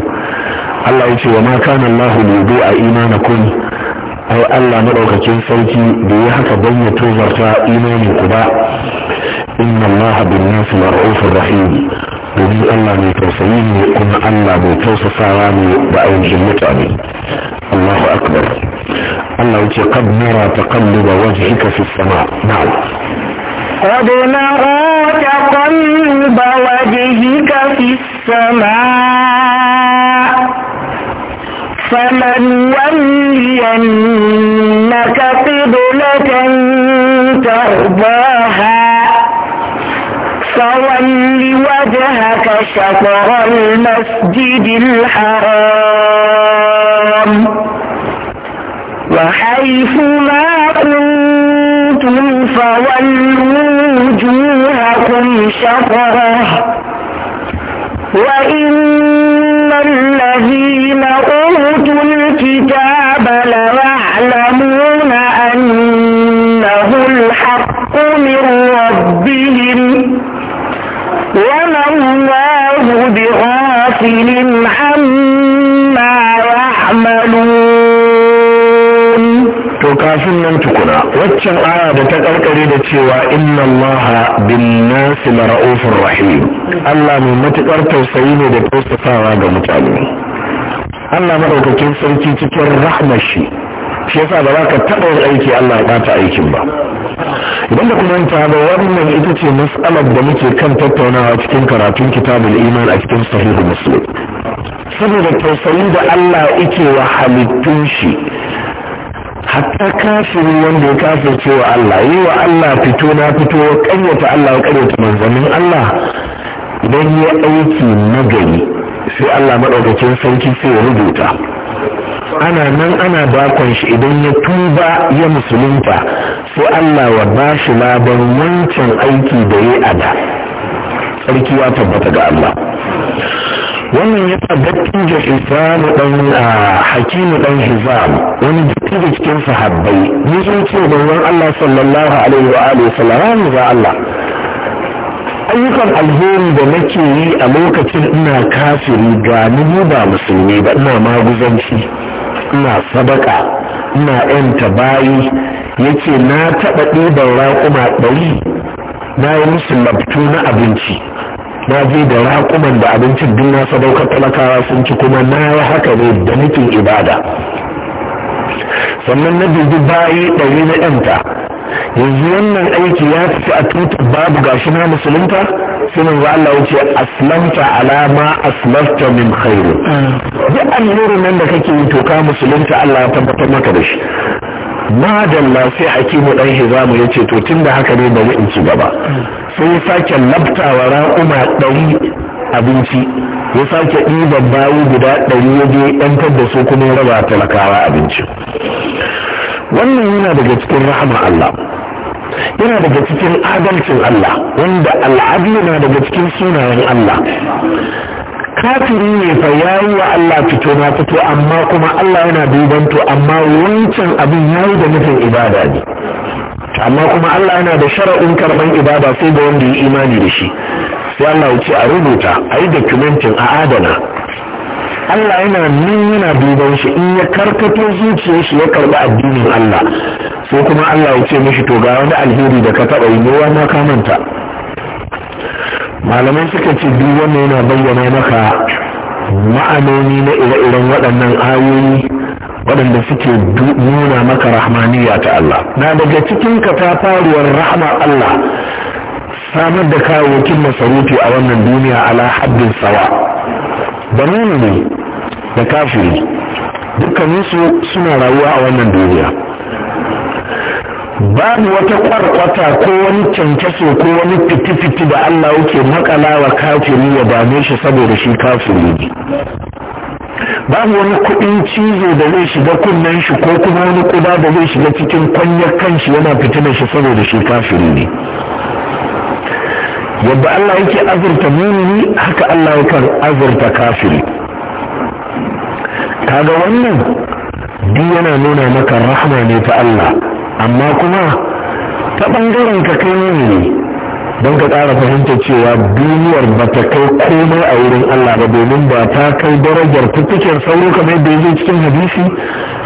Allah ya ce wa ma kana Allah li yudi'a imanakum ai Allah madaukakin sarki da ya haka don ya tozarta imanin ku ba inna Allah bin nasu ma'rufur rahim domin Allah mai tausayi ne kuma Allah mai tausasawa ne da ainihin mutane Allahu akbar Allah yace qad nara taqalluba wajhika fi sama na'am قد نرى تقلب وجهك في السماء فمن ولينك قبلة ترضاها فول وجهك شطر المسجد الحرام وحيث ما كنتم فولوا وجوهكم شطره وإن الذين أوتوا الكتاب ليعلمون أنه الحق من ربهم وما الله بغافل عما يعملون to kafin nan tukuna waccan aya da ta karkare da cewa inna Allah bin nasi la'ufur rahim Allah mai matukar tausayi ne da tausasawa ga mutane Allah madaukakin sarki cikin rahmar shi shi yasa ba za ka taɓa yin aiki Allah ya ɓata aikin ba idan da kuma ta ba wannan ita ce mas'alar da muke kan tattaunawa cikin karatun kitabul iman a cikin sahihu muslim saboda tausayi da Allah yake wa halittun shi hatta kafirin wanda ya kafirce wa Allah yi wa Allah fito na fito wa ƙaryata Allah ya ƙaryata manzannin Allah idan ya aiki nagari sai Allah maɗaukacin sarki sai ya rubuta ana nan ana bakon shi idan ya tuba ya musulunta sai Allah wa ba shi labar wancan aiki da ya ada sarki ya tabbata ga Allah wannan ya sa dattijo hisamu dan hakimu dan hizam wani da cikin sahabbai ya zo ce wani Allah sallallahu alaihi wa alihi sallam Allah ayyukan alheri da nake yi a lokacin ina kafiri ga ni ba musulmi ba ina maguzanci ina sadaka ina yanta bayi yace na taɓa ɗiban raƙuma ɗari na yi musu labtu na abinci na je da raƙuman da abincin duk na sadaukar talakawa sun ci kuma na yi haka ne da nufin ibada sannan na dubi bayi ɗari na ɗanta yanzu wannan aiki ya fi a tutar babu gashi na musulunta sai manzo Allah ya ce aslamta ala ma aslafta min khairu mm. duk allurin nan da kake yi to ka musulunta Allah ya tabbatar maka da shi madalla sai hakimu dan hizamu ya ce to tun da haka ne bari in ci gaba sai sake labtawa ra'uma ɗari abinci ya sake ɗiban bayi guda ɗari ya je ɗantar da su kuma raba talakawa abinci wannan yana daga cikin rahama Allah yana daga cikin adalcin Allah wanda al'adu na daga cikin sunayen Allah kafiri ne fa yi wa Allah fito na fito amma kuma Allah yana duban to amma wancan abin ya yi da nufin ibada ne amma kuma Allah yana da shara'un karban ibada sai ga wanda ya imani da shi sai Allah ya a rubuta a yi dokumentin a adana Allah yana nan yana duban shi in ya karkato zuciyar shi ya karɓi addinin Allah sai kuma Allah ya ce mishi to ga wani alheri da ka taɓa yi ne ma ka manta malamai suka ce duk wannan yana bayyana maka ma'anoni na ire-iren waɗannan ayoyi waɗanda suke nuna maka rahmaniya ta Allah na daga cikin katafaruwar rahma Allah samar da kayayyakin masarufi a wannan duniya ala haddin sawa da ne da kafiri dukkaninsu suna rayuwa a wannan duniya babu wata kwarkwata ko wani cancaso ko wani fitifiti da Allah yake makala wa kafiri ya dame shi saboda shi kafiri ne babu wani kuɗin cizo da zai shiga kunnen shi ko kuma wani kuda da zai shiga cikin kwanyar kanshi yana fitina shi saboda shi kafiri ne yadda Allah yake azurta mumini haka Allah yake azurta kafiri kaga wannan duk yana nuna maka rahma ne ta Allah amma kuma ta ɓangaren ka kai ne don ka ƙara fahimta cewa duniyar ba ta kai komai a wurin Allah ba domin ba ta kai darajar fuffuken sauro kamar yadda yake cikin hadisi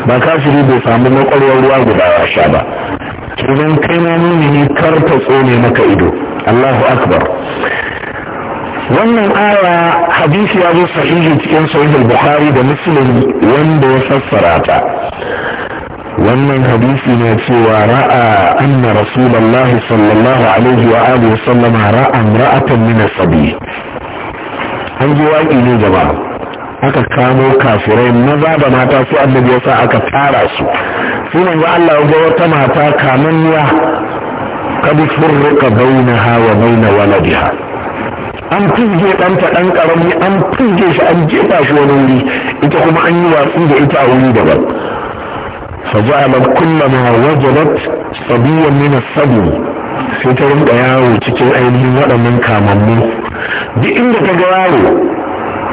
ba kafiri bai samu makwarwar ruwa guda ya sha ba kiran kai na mumini kar ta tsone maka ido Allahu akbar wannan aya hadisi ya zo sahihi cikin sahih Buhari da muslim wanda ya sassara ta wannan hadisi na cewa ra'a anna rasulullah sallallahu alaihi wa alihi wa sallama ra'a ra'atan min asabi an ji waki ne jama'a aka kamo kafirai maza da mata su annabi sa aka tara su sai manzo Allah ya ga wata mata kamanniya kad furqa bainaha wa bain waladiha an fizge ɗanta ɗan ƙarami an fizge shi an jefa shi wani wuri ita kuma an yi watsi da ita a wuri daban فجعلت كل ما وجدت صبيا من الصبي سيتر بياو تكي أين ولا من كام منه دي إنك تقرأه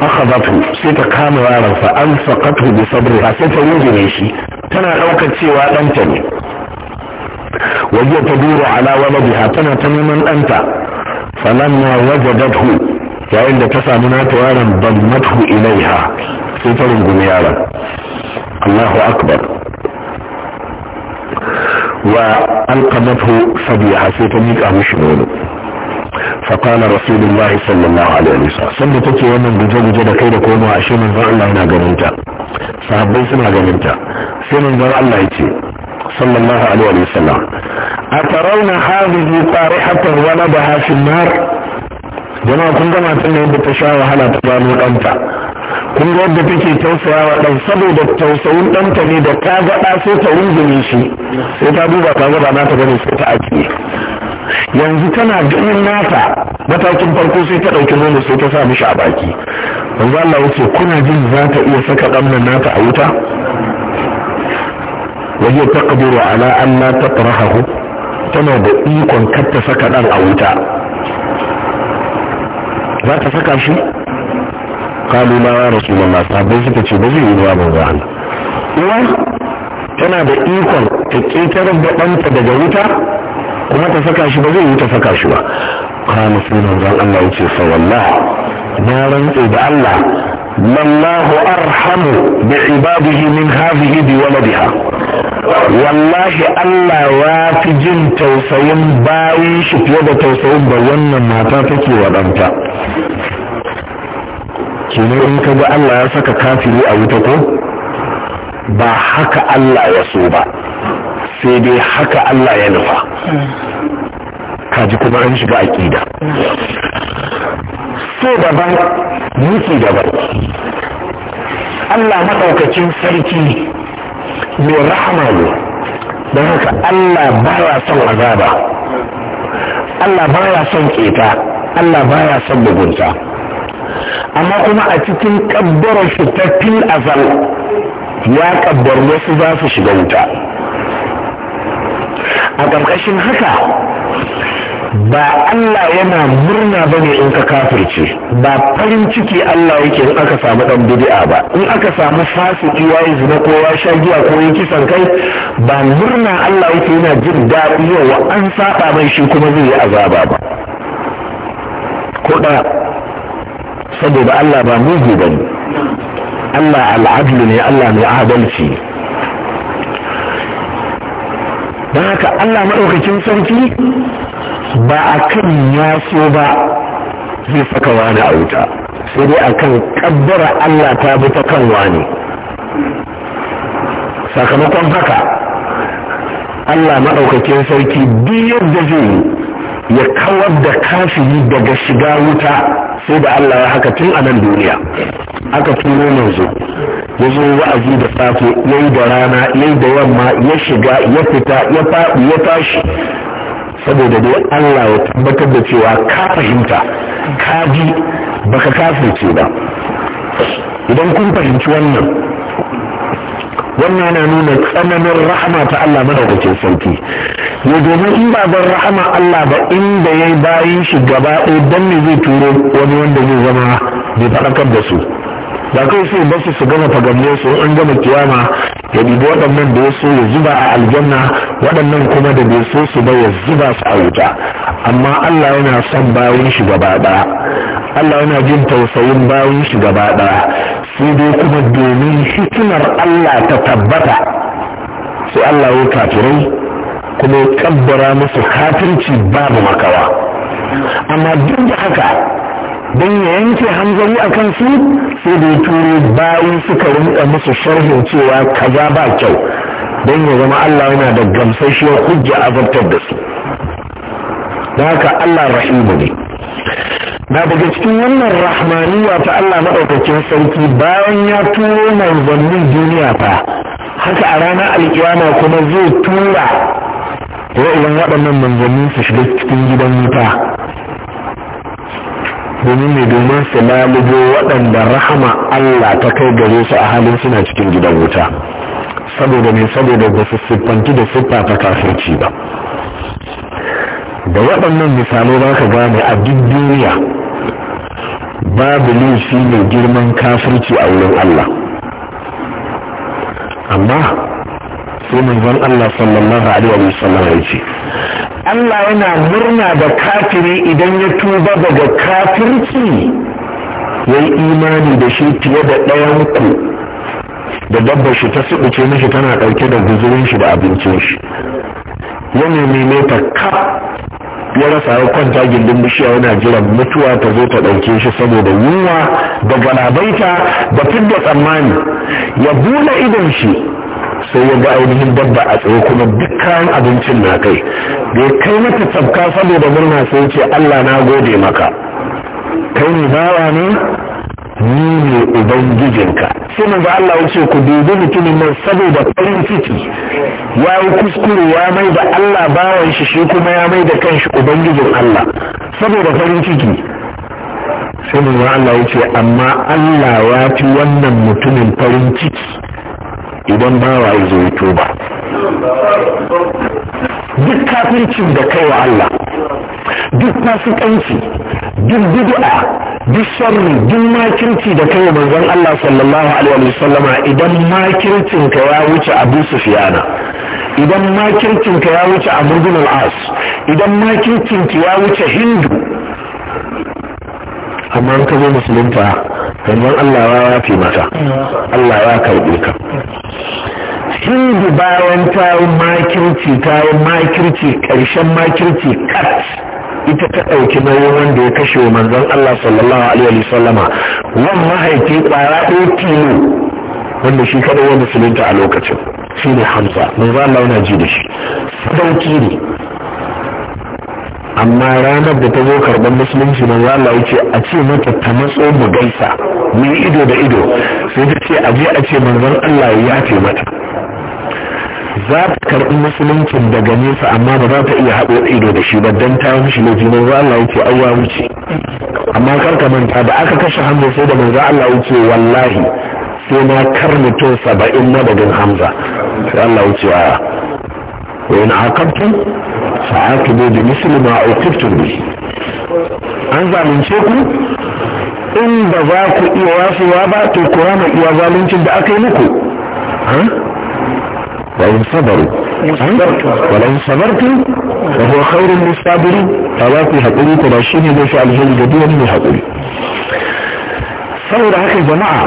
أخذته سيتر كام وعرف أنفقته بصبرها سيتر يجريشي تنا لوك تسيوا أنتني وجه تدور على ولدها تنا تماما أنت فلما وجدته فإن تسع منات وعلا ضمته إليها سيتر بياو الله أكبر وألقمته صبيحة سيتميك أمش نونو فقال رسول الله صلى الله عليه وسلم سنة تكي ومن بجد جد كيدا كونوا عشي من ذا الله هنا قمنتا صحابي سنة قمنتا سنة ذا الله يتي صلى الله عليه وسلم أترون هذه طارحة ولدها في النار جماعة كنت ما تنين بتشاوى هلا تبانو أنت kun ga yadda take tausayawa dan saboda tausayin ɗanta ne da ta gaɗa sai ta rungume shi sai ta duba ta gaba ta gani sai ta ajiye yanzu tana ganin nata matakin farko sai ta ɗauki nono sai ta sa mishi a baki yanzu Allah yace kuna jin za ta iya saka ɗan nata a wuta wajen taqdiru ala an la tatrahahu tana da ikon kar ta saka ɗan a wuta za ta saka shi kalu ma ya rasu da masu suka ce ba zai yi ruwa ba ruwa uwa tana da ikon ta ƙetarar da ɗanta daga wuta kuma ta saka shi ba zai yi ta saka shi ba kana sai manzon Allah ya ce fa na rantse da Allah lallahu arhamu bi ibadihi min hadhihi bi waladiha wallahi Allah ya fi jin tausayin bayan shi fiye da tausayin da wannan mata take wa ɗanta kenan in ka ga Allah ya saka kafiri a wuta ko ba haka Allah ya so ba sai dai haka Allah ya nufa Ka ji kuma an shiga aƙida so daban nufi daban Allah maɗaukacin sarki mai rahama ne don haka Allah baya son azaba Allah baya son keta Allah baya son mugunta amma kuma a cikin ƙabbarar su ta fil azal ya kabbar wasu za su shiga wuta a ƙarƙashin haka ba Allah yana murna ba ne in ka kafirce ba farin ciki Allah yake in aka samu ɗan bid'a ba in aka samu fasiki ya yi zina ko sha giya ko ya kisan kai ba murna Allah yake yana jin daɗi yau an saba mai shi kuma zai yi azaba ba ko ɗaya saboda Allah ba mugu bane Allah al'adlu ne Allah mai adalci don haka Allah maɗaukakin sarki ba a kan ya so ba zai saka wani a wuta sai dai a kan ƙaddara Allah ta bi ta kan wani sakamakon haka Allah maɗaukakin sarki duk yadda zai ya kawar da kafiri daga shiga wuta sai da Allah ya haka tun a nan duniya aka turo manzo ya zo wa'azi da safe yi da rana yi da yamma ya shiga ya fita ya faɗi ya tashi saboda dai Allah ya tabbatar da cewa ka fahimta ka ji baka kafirce ba idan kun fahimci wannan wannan yana nuna tsananin rahama ta Allah madaukakin sarki ne domin in ba zan rahama Allah ba inda ya yi bayan shi gaba ɗaya don me zai turo wani wanda zai zama bai faɗakar da su ba kai sai basu su gama fagamne su an gama kiyama ya dubi waɗannan da ya so ya zuba a aljanna waɗannan kuma da bai so su ba ya zuba su a wuta amma Allah yana son bayan shi gaba ɗaya Allah yana jin tausayin bayan shi gaba ɗaya sai dai kuma domin hikimar Allah ta tabbata sai Allah ya kafirai kuma ya kabbara musu kafirci babu makawa amma duk da haka don ya yanke hanzari a kan su sai da ya turo bayi suka rinka musu sharhin cewa kaza ba kyau don ya zama Allah yana da gamsashiyar hujja azabtar da su da haka Allah rahimu ne na daga cikin wannan rahmaniya ta Allah maɗaukakin sarki bayan ya turo manzannin duniya fa haka a ranar alkiyama kuma zai tura wa'ilan waɗannan manzannin su shiga cikin gidan wuta domin mai domin su lalubo waɗanda rahama Allah ta kai gare su a halin suna cikin gidan wuta saboda ne saboda ba su siffanci da siffa ta kafirci ba da waɗannan misalai za ka gane a duk duniya babu laifi mai girman kafirci a wurin Allah amma sai manzon Allah sallallahu alaihi wa sallam ya ce Allah yana murna da kafiri idan ya tuba daga kafirci yayi imani da shi fiye da ɗayan ku da dabbar shi ta subuce mishi tana ɗauke da guzurin shi da abincin shi ya nemi ta kaf ya rasa ya kwanta gindin bishiya yana jiran mutuwa ta zo ta ɗauke shi saboda yunwa da galabaita da fidda tsammani ya bula idon shi sai ya ga ainihin dabba a tsaye kuma duk kayan abincin na kai da kai mata tsabka saboda murna sai ce Allah na gode maka kai ne bawa ne ni ne ubangijinka sai ga Allah ya ce ku dubi mutumin nan saboda farin ciki ya yi kuskure ya mai da Allah bawan shi shi kuma ya mai da kanshi ubangijin Allah saboda farin ciki sai ga Allah ya amma Allah ya fi wannan mutumin farin ciki idan bawa ya zo tuba duk kafircin da kai wa Allah duk fasikanci duk bid'a duk sharri duk makirci da kai manzon Allah sallallahu alaihi wa idan makircin ka ya wuce Abu Sufyana idan makircin ka ya wuce Amr al-As idan makircin ya wuce Hindu amma in ka zo musulunta sannan Allah ya yafe mata Allah ya karɓe ka Hindu bayan ta makirci ta makirci ƙarshen makirci kat ita ta ɗauki nauyin wanda ya kashe wa manzon Allah sallallahu alaihi sallama wan mahaifi ƙwara ɗaya tilo wanda shi kaɗai ya musulunta a lokacin shi ne hamza manzon Allah yana ji da shi sadauki ne amma ranar da ta zo karɓar musulunci manzo Allah ya ce a ce mata ta matso mu gaisa mu yi ido da ido sai ta ce a je a ce manzon Allah ya mata za ta karɓi musuluncin daga nesa amma ba za ta iya haɗo ido da shi ba don ta mishi laifi manzo Allah ya ce wuce amma kar ka manta da aka kashe Hamza sai da manzo Allah ya ce wallahi sai na kar mutum saba'in madadin Hamza sai Allah ya ce a wa in فعاقبوا بمثل ما عوقبتم به an zalunce ku in ba za ku iya wasuwa ba to ku rama iya zaluncin da aka yi muku وإن صبروا ولئن صبرتم فهو خير للصابرين فواكي هقولي تلاشيني ده في الجل جديد من هقولي saboda haka jama'a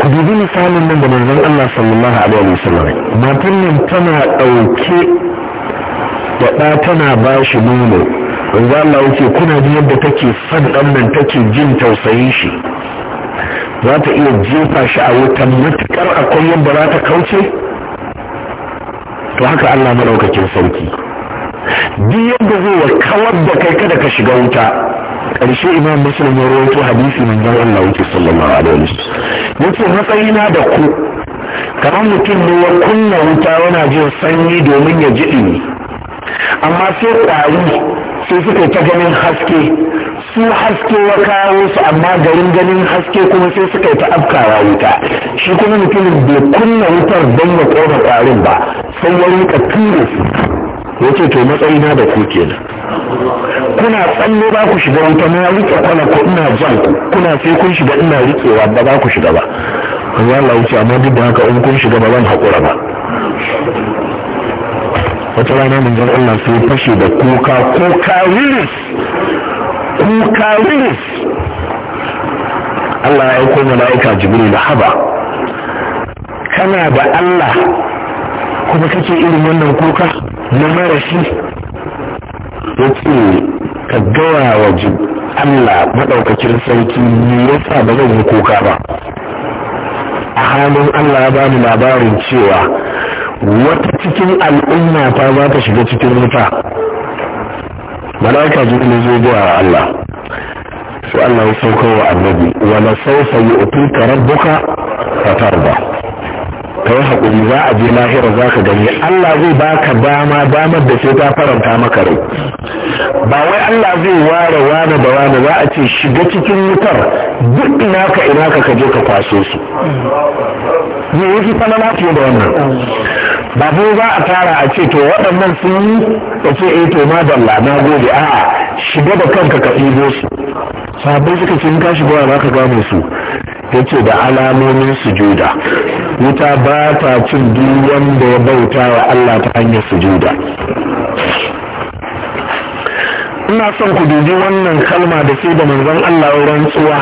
ku dubi misalin nan da manzon Allah sallallahu alaihi wasallam matan nan tana dauke da ɗa tana ba shi nono za Allah yake kuna ji yadda take son ɗan nan take jin tausayin shi za ta iya jefa shi a wutan matuƙar akwai yadda za ta kauce to haka Allah maɗaukakin sarki duk yadda zai wa kawar da kai kada ka shiga wuta ƙarshe imam muslim ya rawaito hadisi zan Allah wuce sallallahu alaihi wasallam yace matsayina da ku kamar mutum ne ya kunna wuta yana jin sanyi domin ya ji ɗumi amma sai ƙwari sai suka ta ganin haske su haske wa kawo su amma garin ganin haske kuma sai suka ta afkawa wuta shi kuma mutumin bai kunna wutar don ya ƙona ƙwarin ba sai ya rika tura su yace to matsayina da ku kenan kuna tsalle ba ku shiga wuta na rike kwana ko ina jan kuna sai kun shiga ina rikewa ba ba ku shiga ba Allah ya amma duk da haka in kun shiga ba zan haƙura ba wata rana manzon Allah sai fashe da kuka kuka wilis kuka wilis Allah ya aiko mala'ika jibril haba kana da Allah kuma kake irin wannan kuka na marashi yake ka gaya wa Allah madaukakin sarki ne yasa ba zan yi kuka ba a halin Allah ya bani labarin cewa wata cikin al'umma ta za ta shiga cikin wuta malaika ne zai a Allah sai Allah ya sauka wa annabi wa sawfa yu'tika rabbuka fatarda ka yi haƙuri za a je lahira za ka gani Allah zai baka dama damar da sai ta faranta maka rai ba wai Allah zai ware wane da wane za a ce shiga cikin wutar duk ina ka ina ka kaje ka kwaso su ne fi fana lafiya da wannan ba za a tara a ce to waɗannan sun yi ta ce eh to ma dalla na gobe. a'a shiga da kanka ka ɗibo su sabon suka ce in ka shiga za ka su ce da alamomin sujuda wuta ba ta cin duk wanda ya bauta wa Allah ta hanyar sujuda ina son ku dubi wannan kalma da ke da manzon Allah rantsuwa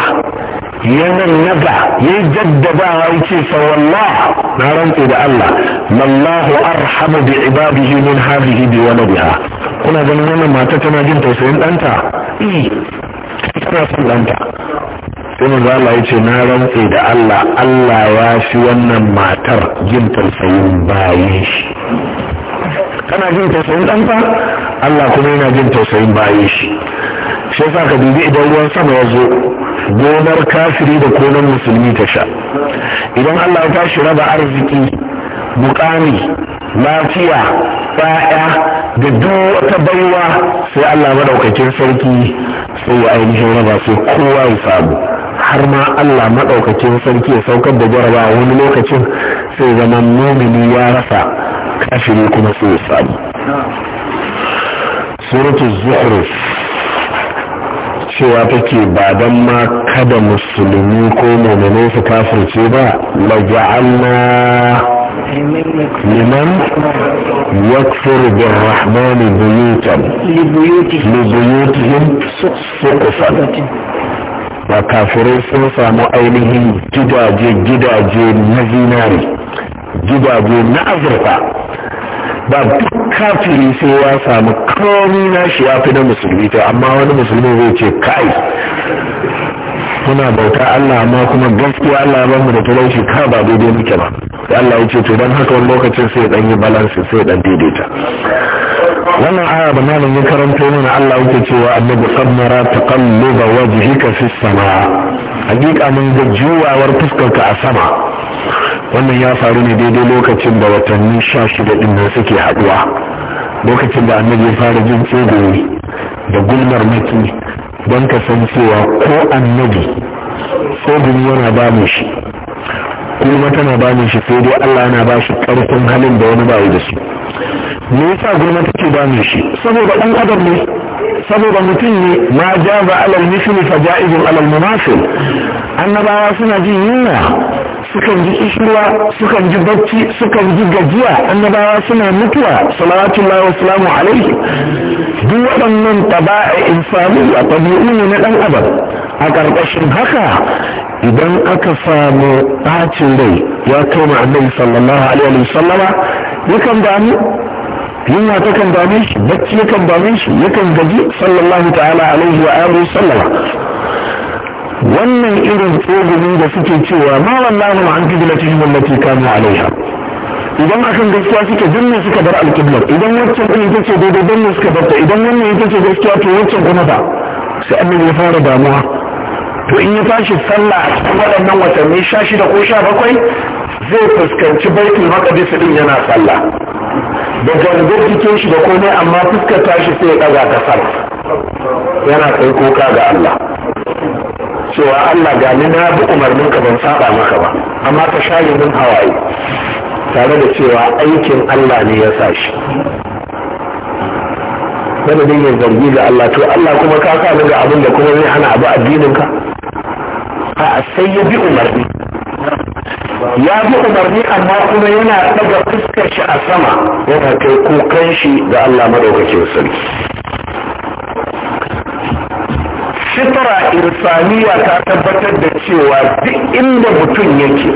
ya nannaga ya jaddadawa ya a fa wallah na rantsu da Allah wallahu arhamu bi ibadihi min hadhihi bi waladiha kuna ganin wannan mata tana jin tausayin ɗanta eh tana son ɗanta sai za Allah ya ce na rantsu da Allah Allah ya fi wannan matar jin tausayin bayan shi kana jin tausayin fa? Allah kuma yana jin tausayin bayan shi shi yasa ka dubi idan ruwan sama ya zo gonar kafiri da konar musulmi ta sha idan Allah ya tashi raba arziki mukami, lafiya ɗaya da duk wata baiwa sai Allah madaukakin sarki sai ya ainihin raba sai kowa ya samu har ma Allah madaukakin sarki ya saukar da jarabawa wani lokacin sai zaman nomini ya rasa kafiri kuma sai ya samu suratul zuhruf cewa take ba don ma kada musulmi ko mummune su kafirce ba la ja'alna liman yakfur bin rahmani buyutan libuyutihim suqufan ba kafirai sun samu ainihin gidaje gidaje na zinari gidaje na azurfa ba duk kafiri sai ya samu komi na shi ya fi na musulmi to amma wani musulmi zai ce kai muna bauta Allah amma kuma gaskiya Allah ba mu da talauci ka ba daidai muke ba Allah ya ce to dan haka wani lokacin sai dan yi balance sai dan daidaita wannan aya da malamin ya karanto mana Allah yake cewa annabi sammara taqalluba wajhika fi sama hakika mun ga juyawar fuskarka a sama wannan ya faru ne daidai lokacin da watanni sha shida ɗin nan suke haɗuwa lokacin da annabi ya fara jin tsegoyi da gulmar maki don ka san cewa ko annabi tsegoyi yana ba shi gulma tana ba shi sai dai Allah yana ba shi ƙarfin halin da wani bayi da su me yasa gulma take ba shi saboda ɗan adam ne saboda mutum ne ma ja ba alal misli fa ja'izun alal munafiq annabawa suna jin yunwa sukan ji kishirwa sukan ji bacci sukan ji gajiya annabawa suna mutuwa salawatullahi wa salamu alaihi duk waɗannan insani a tabi'u ne na ɗan adam a ƙarƙashin haka idan aka samu bacin rai ya kai mu annabi sallallahu alaihi wa sallama yakan damu yunwa kan dame shi bacci yakan dame shi yakan gaji sallallahu ta'ala alaihi wa alihi sallama wannan irin tsogumi da suke cewa ma wallahu an ta qiblatihim allati kanu alaiha idan akan gaskiya suke danne suka bar alqiblar idan waccan din ita ce daidai danne suka bar ta idan wannan ita ce gaskiya to waccan kuma ba sai annabi ya fara damuwa to in ya tashi sallah a cikin waɗannan watanni sha shida ko sha bakwai zai fuskanci baitul maqdis din yana sallah da gangar jikin shi da komai amma fuskar tashi sai ya ɗaga kasar yana kai kuka ga Allah cewa Allah ga ni na bi umarnin ka ban saba maka ba amma ka share min hawaye tare da cewa aikin Allah ne ya sa shi madadin ya zargi ga Allah to Allah kuma ka sa ni ga abin da kuma zai hana abu addinin ka a sai ya bi umarni ya bi umarni amma kuma yana daga fuskar shi a sama yana kai kukan shi ga Allah madaukakin sarki fitara insaniya ta tabbatar da cewa duk inda mutum yake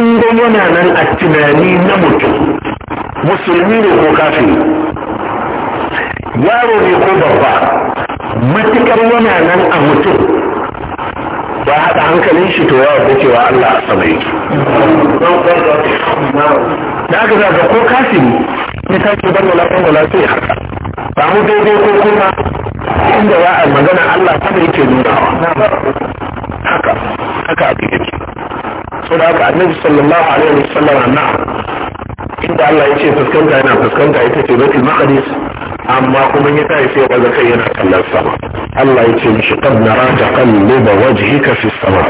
inda yana nan a tunani na mutum musulmi ne ko kafin yaro ne ko babba matukar yana nan a mutum ba haɗa hankalin shi to yawa da cewa Allah a sama yake da aka zaga ko kafin ne ta ce ban wala ban wala sai haka samu daidai ko kuma inda za a magana Allah sama yake nunawa haka haka abin yake so da haka annabi sallallahu alaihi wa sallam na inda Allah ya ce fuskanta yana fuskanta ita ce baitul maqdis amma kuma ya tayi sai waza kai yana kallon sama Allah ya ce mishi qad nara taqalluba wajhika fi sama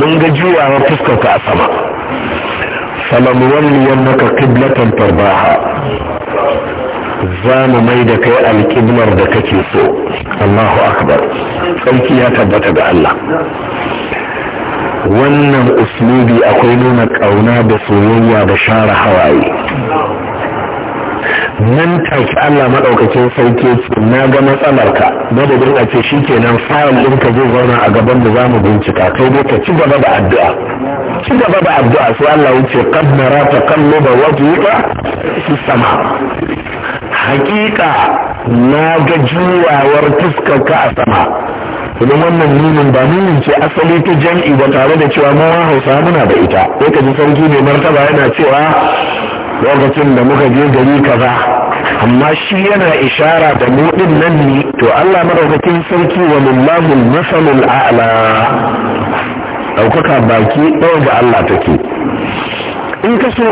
mun ga juyawa fuskarka a sama falam walliyannaka qiblatan tarbaha za mu mai da kai alƙiblar da kake so Allahu akbar sarki ya tabbata ga Allah wannan uslubi akwai nuna ƙauna da soyayya da share hawaye nan take Allah maɗaukakin sauke ce na ga matsalarka madadin a ce shi kenan fayil ɗinka zai zauna a gaban da za mu bincika kai dai ka ci gaba da addu'a ci gaba da addu'a sai Allah wuce kad nara kallo da wajika su sama hakika na ga juyawar fuskarka a sama idan wannan nunin ba nunin ce asali ta jam'i ba tare da cewa mawa hausa muna da ita sai ka ji sarki mai martaba yana cewa lokacin da muka je gari kaza amma shi yana ishara da muɗin din nan ne to Allah madaukakin sarki wa lillahi masalul a'la daukaka baki ɗaya ga Allah take in ka so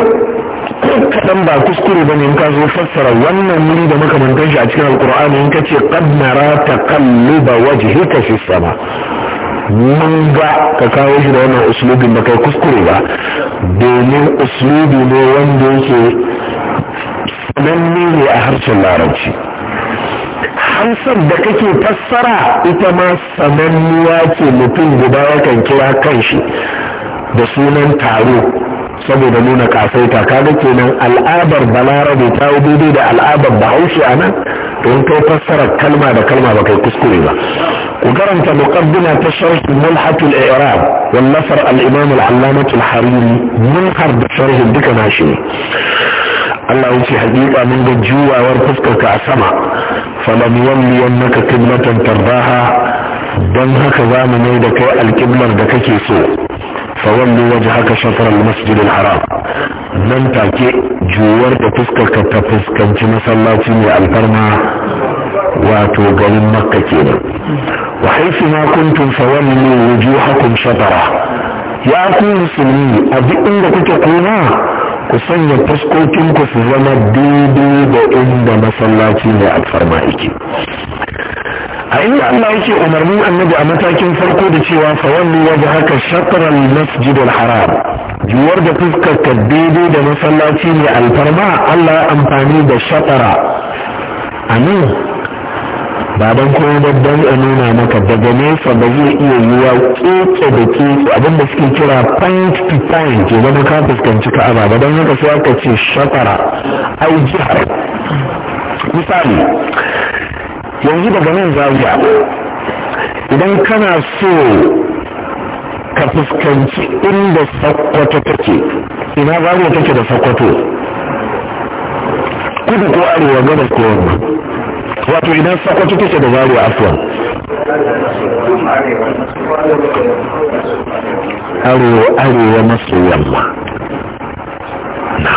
kaɗan ba kuskure ba ne in ka zo fassara wannan wuri da makamantar shi a cikin alkur'ani in ka ce qad nara taqalluba wajhika fi sama mun ga ka kawo shi da wannan uslubin da kai kuskure ba domin uslubi ne wanda yake sananne ne a harshen larabci hansar da kake fassara ita ma sananniya ce mutum guda yakan kira kanshi da sunan taro saboda nuna kasaita kaga kenan al'adar balarabe ta yi daidai da al'adar bahaushe a nan don kai fassara kalma da kalma ba kai kuskure ba ku karanta muqaddima ta sharh mulhatul i'rab wal nasr al-imam al-allamah al-hariri mun har da sharh duka nashi ne Allah ya ce hakika mun ga juwawar fuskarka a sama falam yalli annaka qiblatan tardaha don haka zamu mai da kai alƙiblar da kake so fawallu waje haka shafar masjidin haram nan take juwar da fuskarka ta fuskanci masallaci mai alfarma wato garin makka kenan wa haifi ma kuntum fawallu wujuhakum shatara ya ku musulmi a duk inda kuke koma ku sanya ku su zama daidai da inda masallaci mai alfarma yake a inda Allah yake umarnin annabi a matakin farko da cewa fawallu waje haka shatarar masjid al-haram juwar da fuskar ka daidai da masallaci ne alfarma Allah ya amfani da shatara a baban kuma babban a nuna maka daga nesa ba zai iya yiwa keke da keke abinda suke kira point to point ya zama ka fuskanci ka'aba ba don haka sai aka ce shatara ai jihar misali yanzu daga nan zawiya idan kana so ka fuskanci inda sakkwato take ina zawiya take da Sakwato? kudu ko arewa gada ko yamma wato idan Sakwato take da zawiya afuwa arewa arewa maso yamma na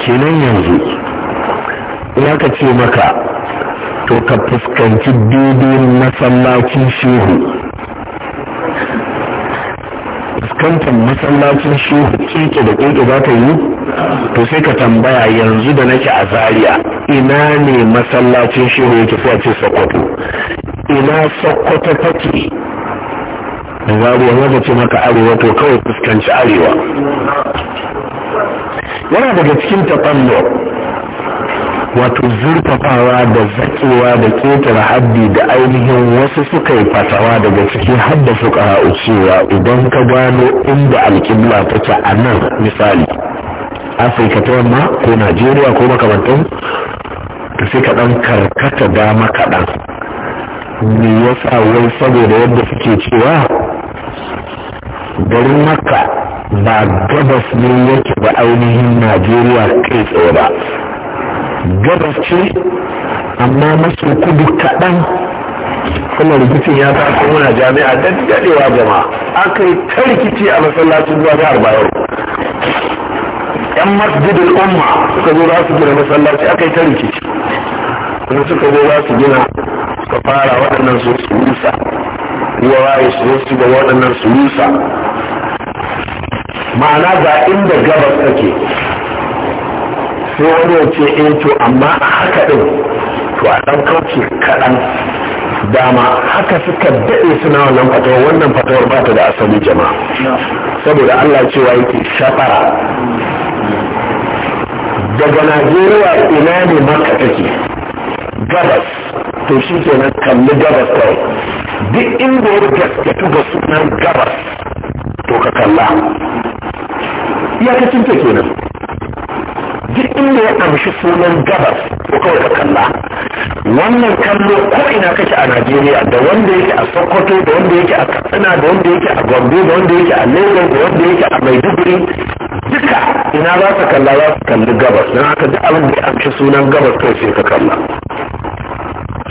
kenan yanzu ya ka ce maka to ka fuskanci daidai masallacin shehu fuskantar masallacin shehu keke da keke za ta yi to sai ka tambaya yanzu da nake a zaria ina ne masallacin shehu yake sai a ce sokoto ina sokoto take da zaria wanda ce maka arewa to kawai fuskanci arewa yana daga cikin tafanno wato zurfafawa da zakewa da ketare haddi da ainihin wasu suka yi fatawa daga ciki har da suka hau cewa idan ka gano inda alƙibla take a nan misali afirka ta yamma ko najeriya ko makamantan ta sai ka ɗan karkata dama kaɗan me yasa wai saboda yadda suke cewa garin makka ba gabas ne yake ba ainihin najeriya kai tsaye ba gabas ce amma maso kudu kaɗan kuma rikicin ya taso muna jami'a da daɗewa jama'a aka yi ta rikici a masallacin zuwa jihar bayero yan masjidin umma suka zo za su gina masallaci aka yi ta rikici kuma suka zo za su gina suka fara waɗannan su su rusa ruwa waye su su ga waɗannan su rusa ma'ana ga inda gabas take sai wani ya ce eh, to amma a haka ɗin to a ɗan kauce kaɗan dama haka suka daɗe suna wannan fatawar wannan fatawar ba ta da asali jama'a saboda allah cewa yake shafara daga najeriya ina ne maka take gabas to shi ke nan kalli gabas kawai duk inda ya gaske ga sunan gabas to ka kalla iyakacin ta kenan duk inda ya amshi sunan gabas ko kawai ka kalla wannan kallo ko ina kake a najeriya da wanda yake a sokoto da wanda yake a katsina da wanda yake a gombe da wanda yake a lagos da wanda yake a maiduguri duka ina za ka kalla za ka kalli gabas don haka duk abin da ya amshi sunan gabas kawai sai ka kalla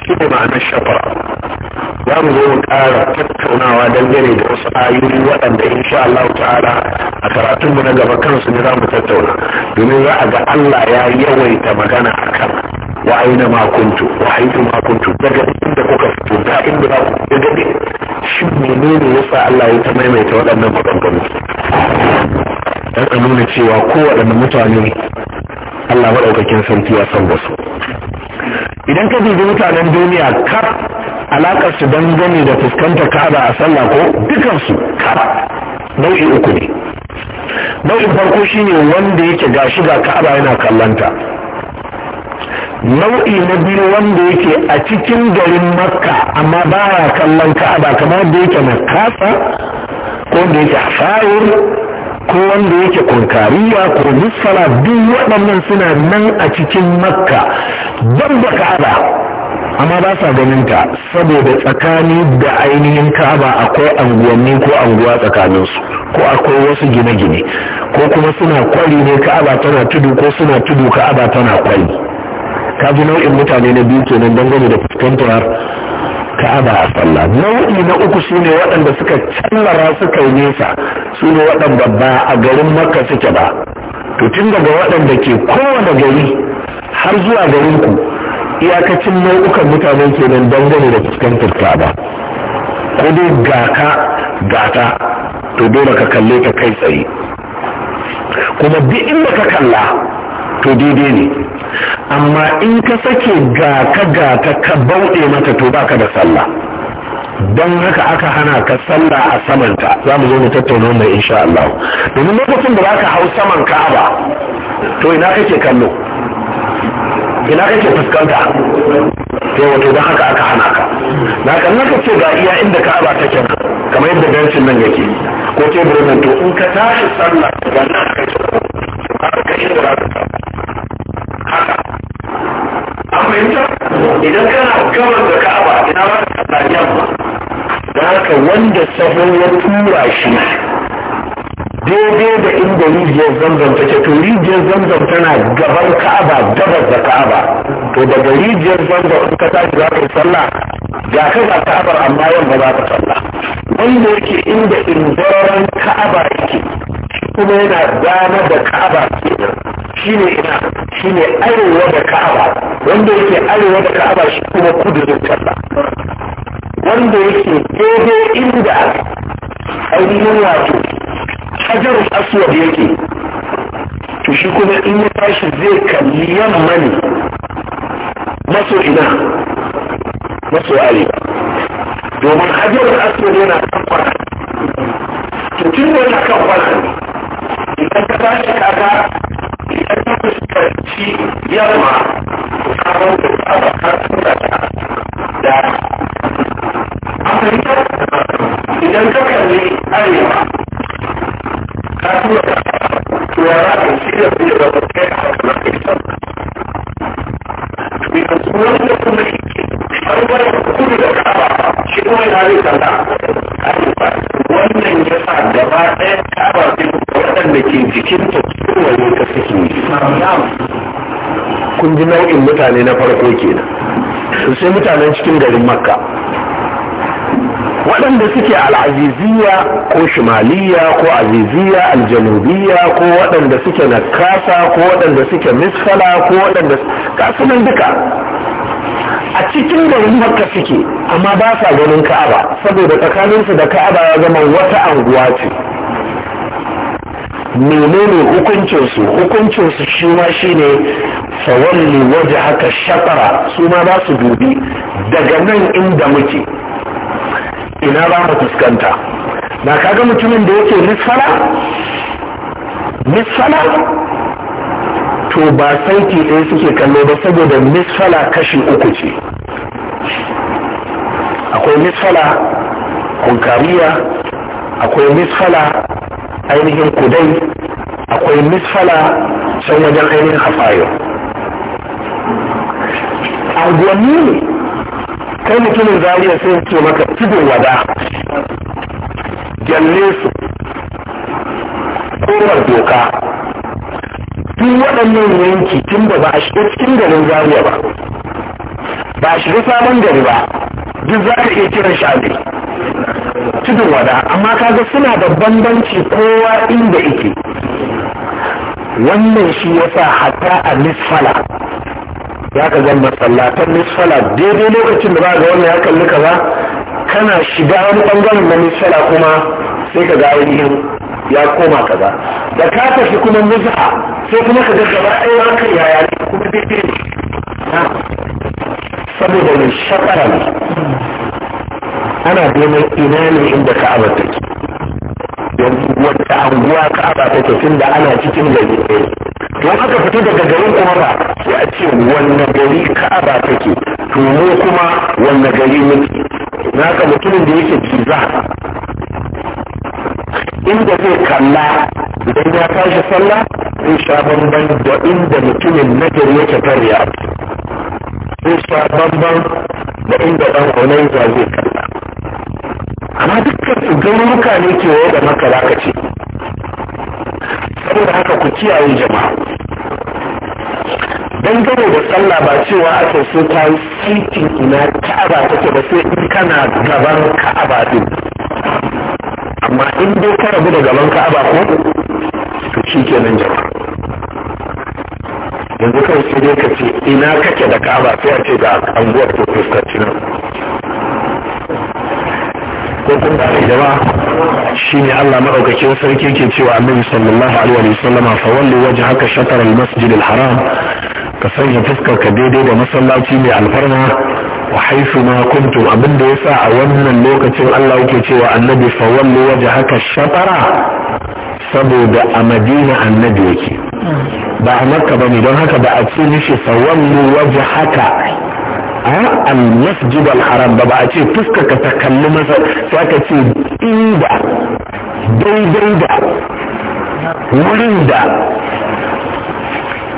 shi ne ma'anar shafara za mu zo mu ƙara tattaunawa dangane da wasu ayoyi waɗanda insha Allah ta'ala a karatunmu na gaba kansu ne za mu tattauna domin za a ga Allah ya yawaita magana a kan wa aina ma kuntu wa ma daga inda kuka fito da inda za ku daga shi menene yasa Allah ya ta maimaita waɗannan maganganu dan a nuna cewa kowaɗanne mutane Allah maɗaukakin sarki ya san wasu idan ka dubi mutanen duniya kar alakar su dangane da fuskantar ka'aba a sallah ko dukansu kaba. nau'i uku ne nau'in farko shine wanda yake gashi ga ka'aba yana kallanta nau'i na biyu wanda yake a cikin garin makka amma baya kallon ka'aba kamar da yake na kasa, ko wanda yake fa'ir ko wanda yake kunkariya ko misfala duk waɗannan suna nan a cikin makka don da ka'aba amma ba sa ganin ta saboda tsakani da ainihin ka'aba akwai anguwanni ko anguwa tsakaninsu ko akwai wasu gine-gine ko kuma suna kwari ne ka'aba tana tudu ko suna tudu ka'aba tana kwari ka nau'in mutane na biyu kenan dangane da fuskantar ka'aba a sallah nau'i na uku su ne waɗanda suka callara suka yi nesa su ne waɗanda ba a garin makka suke ba to tun daga waɗanda ke kowane gari har zuwa garinku iyakacin nau'ukan mutanen nan dangane da fuskantar ba. ko dai gata gata to dole ka kalle ta kai tsaye kuma duk inda ka kalla to daidai ne amma in ka sake gata gata ka bauɗe mata to baka da sallah don haka aka hana ka sallah a samanta za mu zo mu tattauna wannan insha Allah domin lokacin da za ka hau saman Ka'aba to ina kake kallo ina kake fuskanta to wato don haka aka hana ka na kan ka ce ga iya inda ka'aba kenan kamar yadda gancin nan yake ko teburin nan to in ka tashi sallah ga nan ka ce ka yi da haka an fahimta idan kana gabar da ka'aba ina ba ka sallah yamma da haka wanda sabon ya tura shi daidai da inda rijiyar zamzam take to rijiyar zamzam tana gaban ka'aba gabas da ka'aba to daga rijiyar zamzam in ka tashi za ka yi sallah ga ka ga ka'abar amma ba za ka sallah wanda yake inda indoran ka'aba yake kuma yana dama da ka'aba ke shi shine ina shine arewa da ka'aba wanda yake arewa da ka'aba shi kuma kudu da sallah wanda yake daidai inda ainihin wato hajar aswad yake to shi kuma in ya tashi zai kalli yamma ne maso ina maso arewa domin hajar aswad yana kan kwana to tun da yana kan kwana ne. idan ka tashi kaga idan ka fuskanci yamma ka kawo da ta da an fahimta idan ka kalli arewa ka tura tuwara da shi da su da ba kai a haka maka yi sama bisa sunan da kuma shi an gwada kudu da kaba shi kuma yana zai sanda arewa wannan ya sa gaba ɗaya kaba sai waɗanda ke jikin ta kowane ka suke kun ji nau'in mutane na farko kenan sai mutanen cikin garin makka waɗanda suke al'aziziya ko shimaliya ko aziziya aljanubiya ko waɗanda suke nakasa ko waɗanda suke misfala ko waɗanda kasunan duka a cikin garin makka suke amma ba sa ganin ka'aba saboda tsakaninsu da ka'aba ya zama wata anguwa ce menene hukuncinsu hukuncinsu shi ma shi ne fawalli waje haka shakara su ma ba su dubi daga nan inda muke ina za mu fuskanta na kaga mutumin da yake misfala? Misfala? to ba saiti ɗaya suke kallo ba saboda misfala kashi uku ce akwai misfala kunkariya akwai misfala ainihin kudai akwai misfala can wajen ainihin hafayo angwani kai mutumin zariya sai ce maka tudun wada gyalle su kowar doka tun waɗannan yanki tun da ba a shiga cikin garin zariya ba ba a shiga sabon gari ba duk za ka iya kiran shaɗi tudun wada amma kaga suna da bambanci kowa inda yake wannan shi yasa hatta a misfala ya ka zan masallatan misfala daidai lokacin da ba ga wannan ya kalli kaza kana shiga wani bangaren na misfala kuma sai ka ga ainihin ya koma kaza da ka tafi kuma mizha sai kuma ka ga gaba ɗaya ranka yaya ne kuma daidai ne saboda mai shakara ne ana neman ina ne inda ka'abar take yanzu wata anguwa ka ka'aba take tun da ana cikin gari ne, to aka fita daga garin kuma ba sai a ce wanne gari ka ka'aba take to mu kuma wanne gari muke naka mutumin da yake jiza inda zai kalla idan ya tashi sallah zai sha bamban da inda mutumin na nagari yake farya zai sha bamban da inda ɗan onaiza zai kalla amma dukkan garuruka ne ke waye da maka za ka ce saboda haka ku kiyaye jama'a Don dangane da tsalla, ba cewa aka so ta yi sitin ina ka'aba take ba sai in kana gaban ka'aba din amma in dai ka rabu da gaban ka'aba ko to shi kenan jama'a yanzu kawai sai dai ka ce ina kake da ka'aba sai a ce ga anguwar ko fuskanci nan ko kun da jama'a shine Allah madaukakin sarki ke cewa Annabi sallallahu alaihi wa sallama fa walli wajhaka shatr al-masjid al-haram ka sanya fuskar ka daidai da masallaci mai alfarma wa haifu ma kuntum abin da yasa a wannan lokacin Allah yake cewa Annabi fa walli haka shatara saboda a Madina Annabi yake ba a Makka ne don haka ba a ce mishi fa walli haka. a al-masjid al-haram ba ba a ce fuska ka ta kalli masa sai ka ce inda daidai da wurin da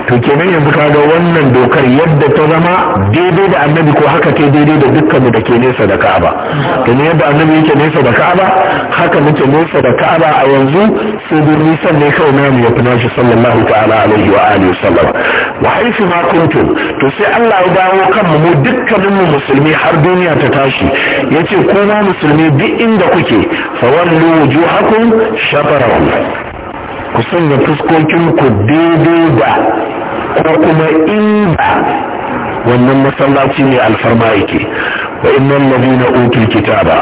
to kenan yanzu kaga wannan dokar yadda ta zama daidai da annabi ko haka ta daidai da dukkan mu da ke nesa da ka'aba domin yadda annabi yake nesa da ka'aba haka muke nesa da ka'aba a yanzu sai dun nisan ne kawai namu ya fi nashi sallallahu ta'ala alaihi wa alihi sallam wa haifi ma kuntum to sai Allah ya dawo kan mu dukkanin mu musulmi har duniya ta tashi yace kuma musulmi duk inda kuke fawallu wujuhakum shatarahu ku sanya fuskokin ku daidai da ko kuma inda wannan masallaci ne alfarma yake fa innal na utul kitaba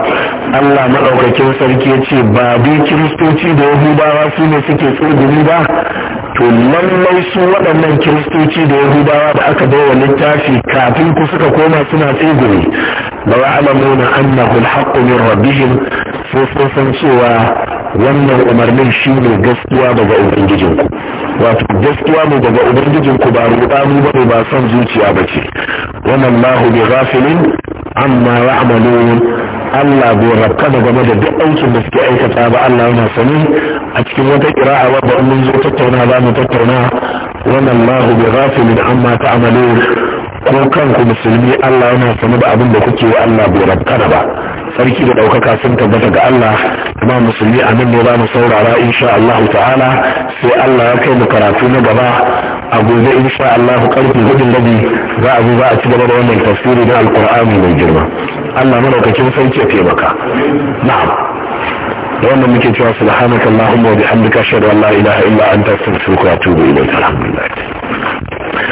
Allah maɗaukakin sarki yace ba bi kiristoci da yahudawa su ne suke tsirgumi ba to lallai su waɗannan kiristoci da yahudawa da aka wa littafi kafin ku suka koma suna tsirgumi la ya'lamuna annahu al min rabbihim sai sun san cewa wannan umarnin shi gaskiya daga ubangijinku wato gaskiya ne daga ubangijinku ba ruɗanu ba ba son zuciya ba ce wannan lahu bi ghafilin عما يعملون Allah bai rabka da game da duk aikin da suke aikata ba Allah yana sani a cikin wata kira'a wadda in mun zo tattauna za mu tattauna wannan Allahu bi ghafilin amma ta'malun ko kanku musulmi Allah yana sanu da abin da kuke Allah bai rabkana ba sarki da ɗaukaka sun tabbata ga Allah kuma musulmi amin ne zamu saurara insha Allah ta'ala sai Allah ya kai mu karatu na gaba a gobe insha Allah karfi hudun rabi za a zo za a ci gaba da wannan tafsiri na alkur'ani mai girma Allah madaukakin sarki ya taimaka na'am da wannan muke cewa subhanakallahumma wa bihamdika ashhadu an la ilaha illa anta astaghfiruka wa atubu ilayk alhamdulillah